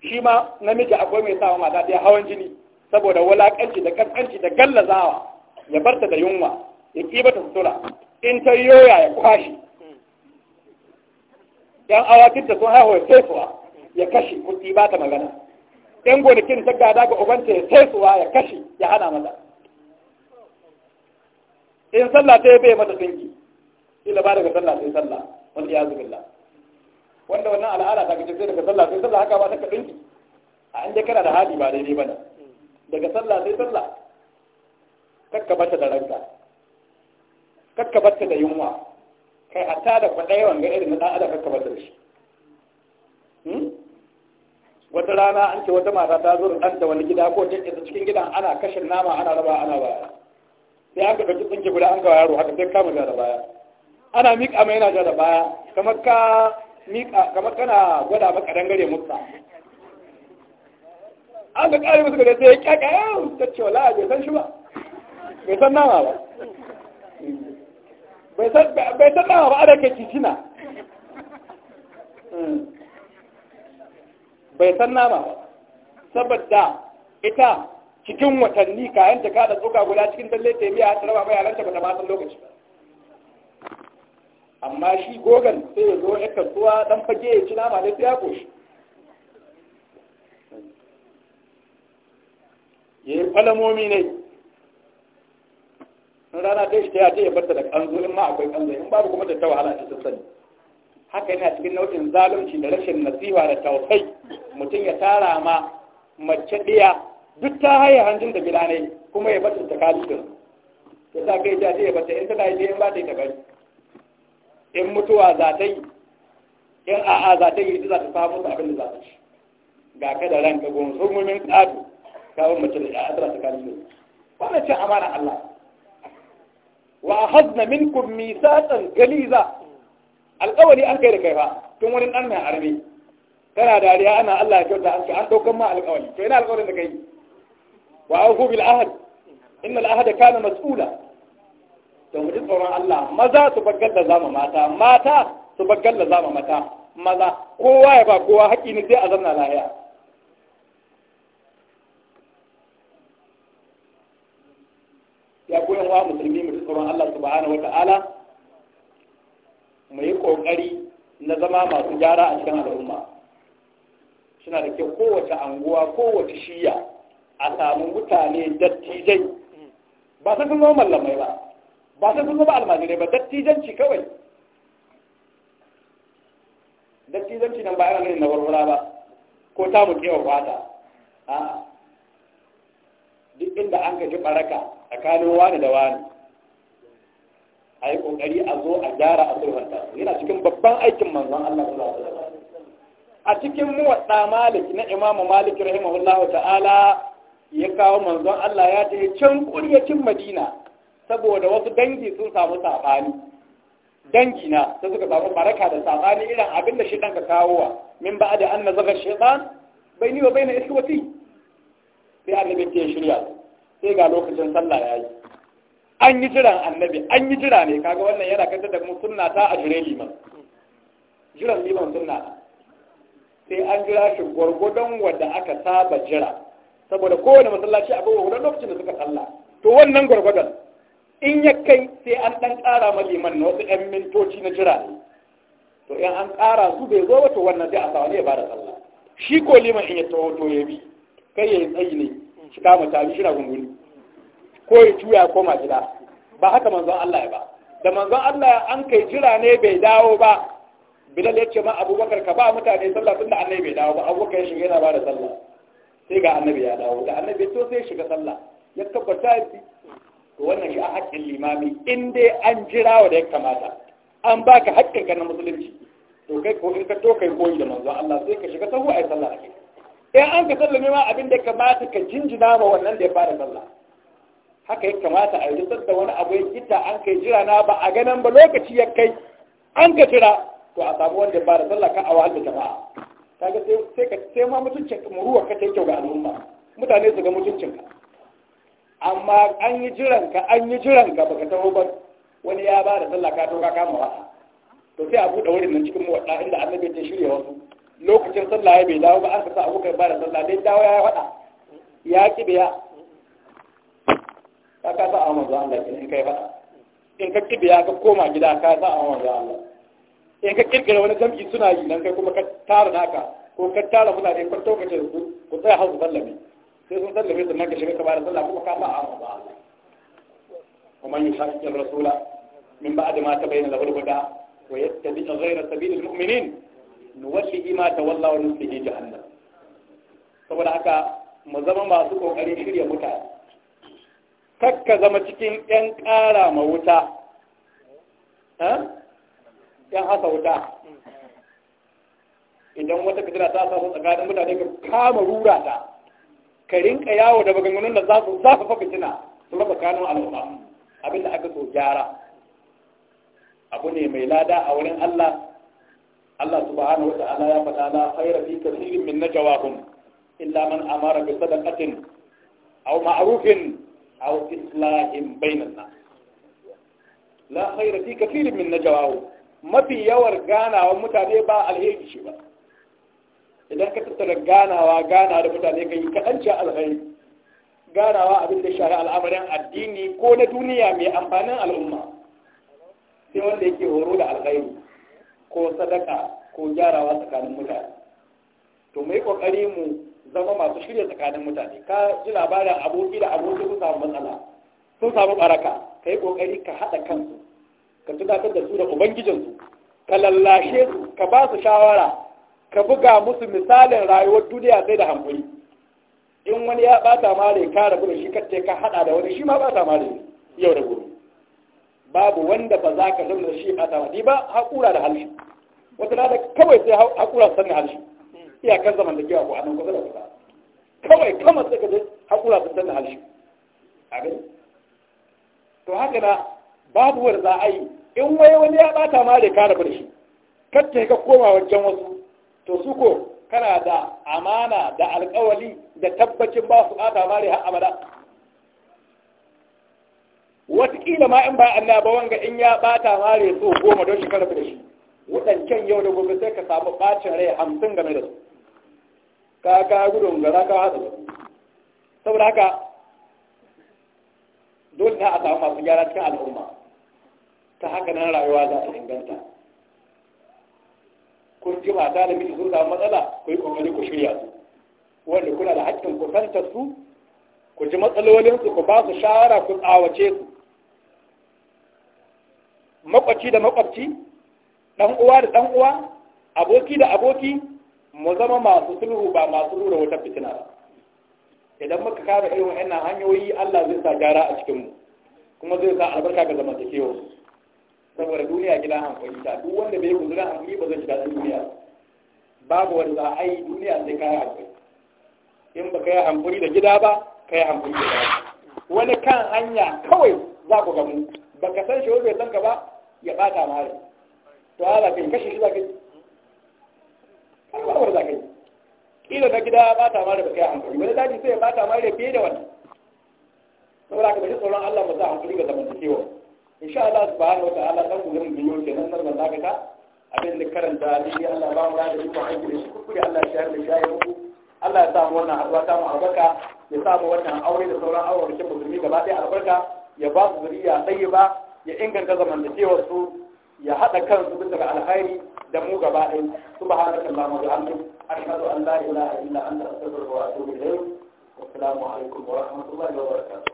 shi ma namiji akwai mai sawa mata ɗaya hawan jini saboda wulaƙanci da ƙasƙanci da gallazawa ya barta da yunwa ya ƙibata sutura in ta yoya ya kwashi yan awakin da sun haihuwa ya taifuwa ya kashe kuɗi ba ta magana yan gonakin ta gada ga ubanta ya taifuwa ya kashe ya hana mata in sallah ta bai mata sunki ila ba daga sallah sai sallah wanda ya zubilla wanda wannan al'ada ta kace sai daga sallah sai sallah haka ba ta ka dinki a inda kana da hali ba daidai bane daga sallah sai sallah kakka bata da ranka kakka bata da yunwa kai ta da kwadai wanga irin na dan kakka bata da shi hmm? wata rana an ce wata mata ta zo da ɗanta wani gida ko ta cikin gidan ana kashin nama ana raba ana ba sai aka ɗauki tsinke guda an kawo yaro haka sai kama ja da baya ana miƙa mai yana ja da baya kamar ka miƙa kamar kana gwada maka dangare mutsa an ga ƙari musu gada sai ya ƙyaƙa yau ta ce wala bai san shi ba bai san nama ba bai san nama ba ana ke titina hmm. bai san nama ba saboda ita cikin watanni kayan ta kada tsoka guda cikin dalle taimiya ta raba mai ta bata basan lokaci amma shi gogan sai ya zo ya kasuwa dan fage ya ci nama da ya koshi ya yi falamomi ne sun rana ta shi ta yace ya barta da kanzo in ma akwai kanzo in babu kuma da ta wahala ta sani haka yana cikin nau'in zalunci da rashin nasiha da tausai mutum ya tara ma mace ɗaya duk ta haye hanjin da bilanai kuma ya bata takalifin ya sa kai ta ya bata in tana yi in ba ta yi ta bari in mutuwa za ta yi in a'a za ta yi ita za ta samu musu abin da za ta ci ga ka da ranka gun rumumin ƙato kawo mace da ya'a tana takalifin wannan cin amana Allah wa hazna minkum gali galiza alƙawari an kai da kai fa tun wani ɗan mai arme kana dariya ana Allah ya kyauta an ce an ɗaukan ma alƙawari to ina alƙawarin da kai wa auku bil ahad innal ahada kana mas'ula to mu tsoron Allah maza su baggalla zama mata mata su baggalla zama mata maza kowa ya ba kowa haƙi ne sai a zanna lahiya ya koyan wa musulmi mu tsoron Allah subhanahu wata'ala mu yi kokari na zama masu gyara a cikin al'umma suna da kyau kowace anguwa kowace shiya a samu mutane dattijai ba su sun zama mallamai ba ba su sun zama almajirai ba dattijanci kawai dattijanci nan ba yana nuna na warwara ba ko ta mu kewa kwata a duk inda an gaji baraka tsakanin wani da wani a yi ƙoƙari a zo a gyara a sulhanta yana cikin babban aikin manzon Allah sallallahu alaihi a cikin muwadda maliki na imamu malik rahimahullahu ta'ala ya kawo manzon Allah ya je can kuryacin Madina saboda wasu dangi sun samu sabani dangi na sai suka samu baraka da sabani irin abin da shi ka kawowa min ba da an ni ba bai na baina ikhwati sai annabi ya shirya sai ga lokacin sallah ya yi. an yi jiran annabi an yi jira ne kaga wannan yana kanta da mu sunna ta a jire liman jiran liman sunna sai an jira shi gwargwadon wanda aka saba jira saboda kowane masallaci bawa wani lokacin da suka tsalla to wannan gwargwadon in ya kai sai an dan ƙara ma liman na wasu ƴan mintoci na jira ne to in an ƙara su bai zo ba to wannan sai a sawa ne ya bada sallah shi ko liman in ya taho to ya bi kai ya yi tsayi ne shi kama ta shi na gunguni ko ya juya koma gida ba haka manzon Allah ya ba da manzon Allah an kai jira ne bai dawo ba bilal ya ce ma abubakar ka ba mutane sallah tunda annabi bai dawo ba abubakar ya shiga yana ba da sallah sai ga annabi ya dawo da annabi to sai shiga sallah ya tabbata bi to wannan shi a haƙƙin limami in dai an jira wa da ya kamata an baka haƙƙin ka na musulunci to kai ko in ka to kai koyi da manzo Allah sai ka shiga sahu ai sallah ake in an ka sallah ne ma abin da kamata ka jinjina ma wannan da ya fara sallah haka ya kamata a yi da wani abu ya kita an kai jira na ba a ganin ba lokaci ya kai an ka jira to a samu wanda ya fara sallah ka a wahal da jama'a kaga sai ka sai ma mutuncin ka muruwa ka take kyau ga al'umma mutane su ga mutuncin ka amma an yi jiran ka an yi jiran ka baka taho ba wani ya ba da sallah ka to ka kama wasa to sai a buɗe wurin nan cikin muwadda inda annabi ta shirya wasu lokacin sallah ya bai dawo ba an sa kai ba da sallah dai dawo ya wada ya ki biya ka ka sa a zuwa Allah in kai ba. in ka ki biya ka koma gida ka sa a zuwa Allah in ka kirkira wani jam'i suna yi nan kai kuma ka tara naka ko ka tara kuna da kwanto ka ce ku ku tsaya hausa sallami sai sun sallame su nan ka shiga da sallah kuma ka fa'a ba wa man yusaqqi rasula min ba'di ma tabayyana lahu da huda wa yattabi ghayra sabil al-mu'minin nuwalli ma wani wa nuslihi jahannam saboda haka mu zama masu kokari shirya mutane kakka zama cikin yan ƙara ma wuta ya hasa wuta idan wata fitila ta samu tsakanin mutane ka kama rura ta ka rinka yawo da maganganun da za su zafafa fitina su raba kanun al'umma abin da aka so gyara abu ne mai lada a wurin Allah Allah wata wata'ala ya faɗa na fayar fi kathirin min na najwahum illa man amara bi sadaqatin aw ma'rufin aw islahin bainan na. la khayra fi kathirin min najwahum mafi yawar ganawa mutane ba alheri ce ba idan ka tattara ganawa ganawa da mutane ka yi kaɗancin alheri ganawa abin da shari'a al'amarin addini ko na duniya mai amfanin al'umma sai wanda yake horo da alheri ko sadaka ko gyarawa tsakanin mutane to mai kokari mu zama masu shirya tsakanin mutane ka ji labarin aboki da aboki sun samu matsala sun samu baraka ka yi ka haɗa kansu ka tunatar da su da ubangijinsu ka lallashe su ka ba su shawara ka buga musu misalin rayuwar duniya sai da hankuri in wani ya bata mare ka rabu da shi kacce ka hada da wani shi ma bata mare yau da gobe babu wanda ba za ka zama da shi bata mare ba haƙura da halshi wata na da kawai sai haƙura sannan halshi iyakar zaman da kewa ko a nan kusa da kusa kawai kama sai ka je haƙura sun sannan halshi a gani to haka na babu wanda za a yi in wai wani ya bata ma da kare rabu da shi kar ta ka koma wajen wasu to su ko kana da amana da alkawali da tabbacin ba su ata ma da har abada watakila ma in ba Allah ba wanga in ya bata ma da so goma don shi ka rabu da shi wadancan yau da gobe sai ka samu bacin rai hamsin game da su ka ka gudun gara ka hada su. saboda haka dole ta a samu masu gyara cikin al'umma ta haka nan rayuwa za a inganta kun ji da miji sun samu matsala ku yi kokari ku shirya su wanda kuna da haƙƙin ku fanta su ku ji matsalolinsu ku ba su shawara ku tsawace su makwaci da makwabci ɗan uwa da ɗan uwa aboki da aboki mu zama masu sulhu ba masu rura wata fitina ba idan muka kama irin wa'annan hanyoyi Allah zai sa gyara a cikin mu kuma zai sa albarka ga zamantakewa saboda duniya gidan hankali ta duk wanda bai gudura hankali ba zai shiga duniya babu wani za a yi duniya sai ka yi hankali in ba ka yi hankali da gida ba ka yi hankali da gida wani kan hanya kawai za ku gamu ba ka san shi wani bai san ka ba ya bata ma rai to ala kai kashe shi za ka yi kalmar za ka yi kila na gida bata ma rai ba ka yi hankali wani daji sai ya bata ma rai fiye da wani. saboda ka bai tsoron Allah ba za a hankali ga zamantakewa insha Allah subhanahu wa ta'ala dan gurin biyo kenan nan zan ka abin da karanta ni Allah ba mu da iko aiki da shi Allah ya shayar da shayar muku Allah ya samu wannan haɗuwa ta mu albarka ya samu wannan aure da sauran aure da musulmi gaba ɗaya albarka ya ba su zuriya tsaye ba ya inganta zamantakewar su ya haɗa kansu bisa ga alkhairi da mu gaba ɗaya subhanallahi wa bihamdihi ashhadu an la ilaha illa anta astaghfiruka wa atubu ilayk والسلام عليكم ورحمة الله وبركاته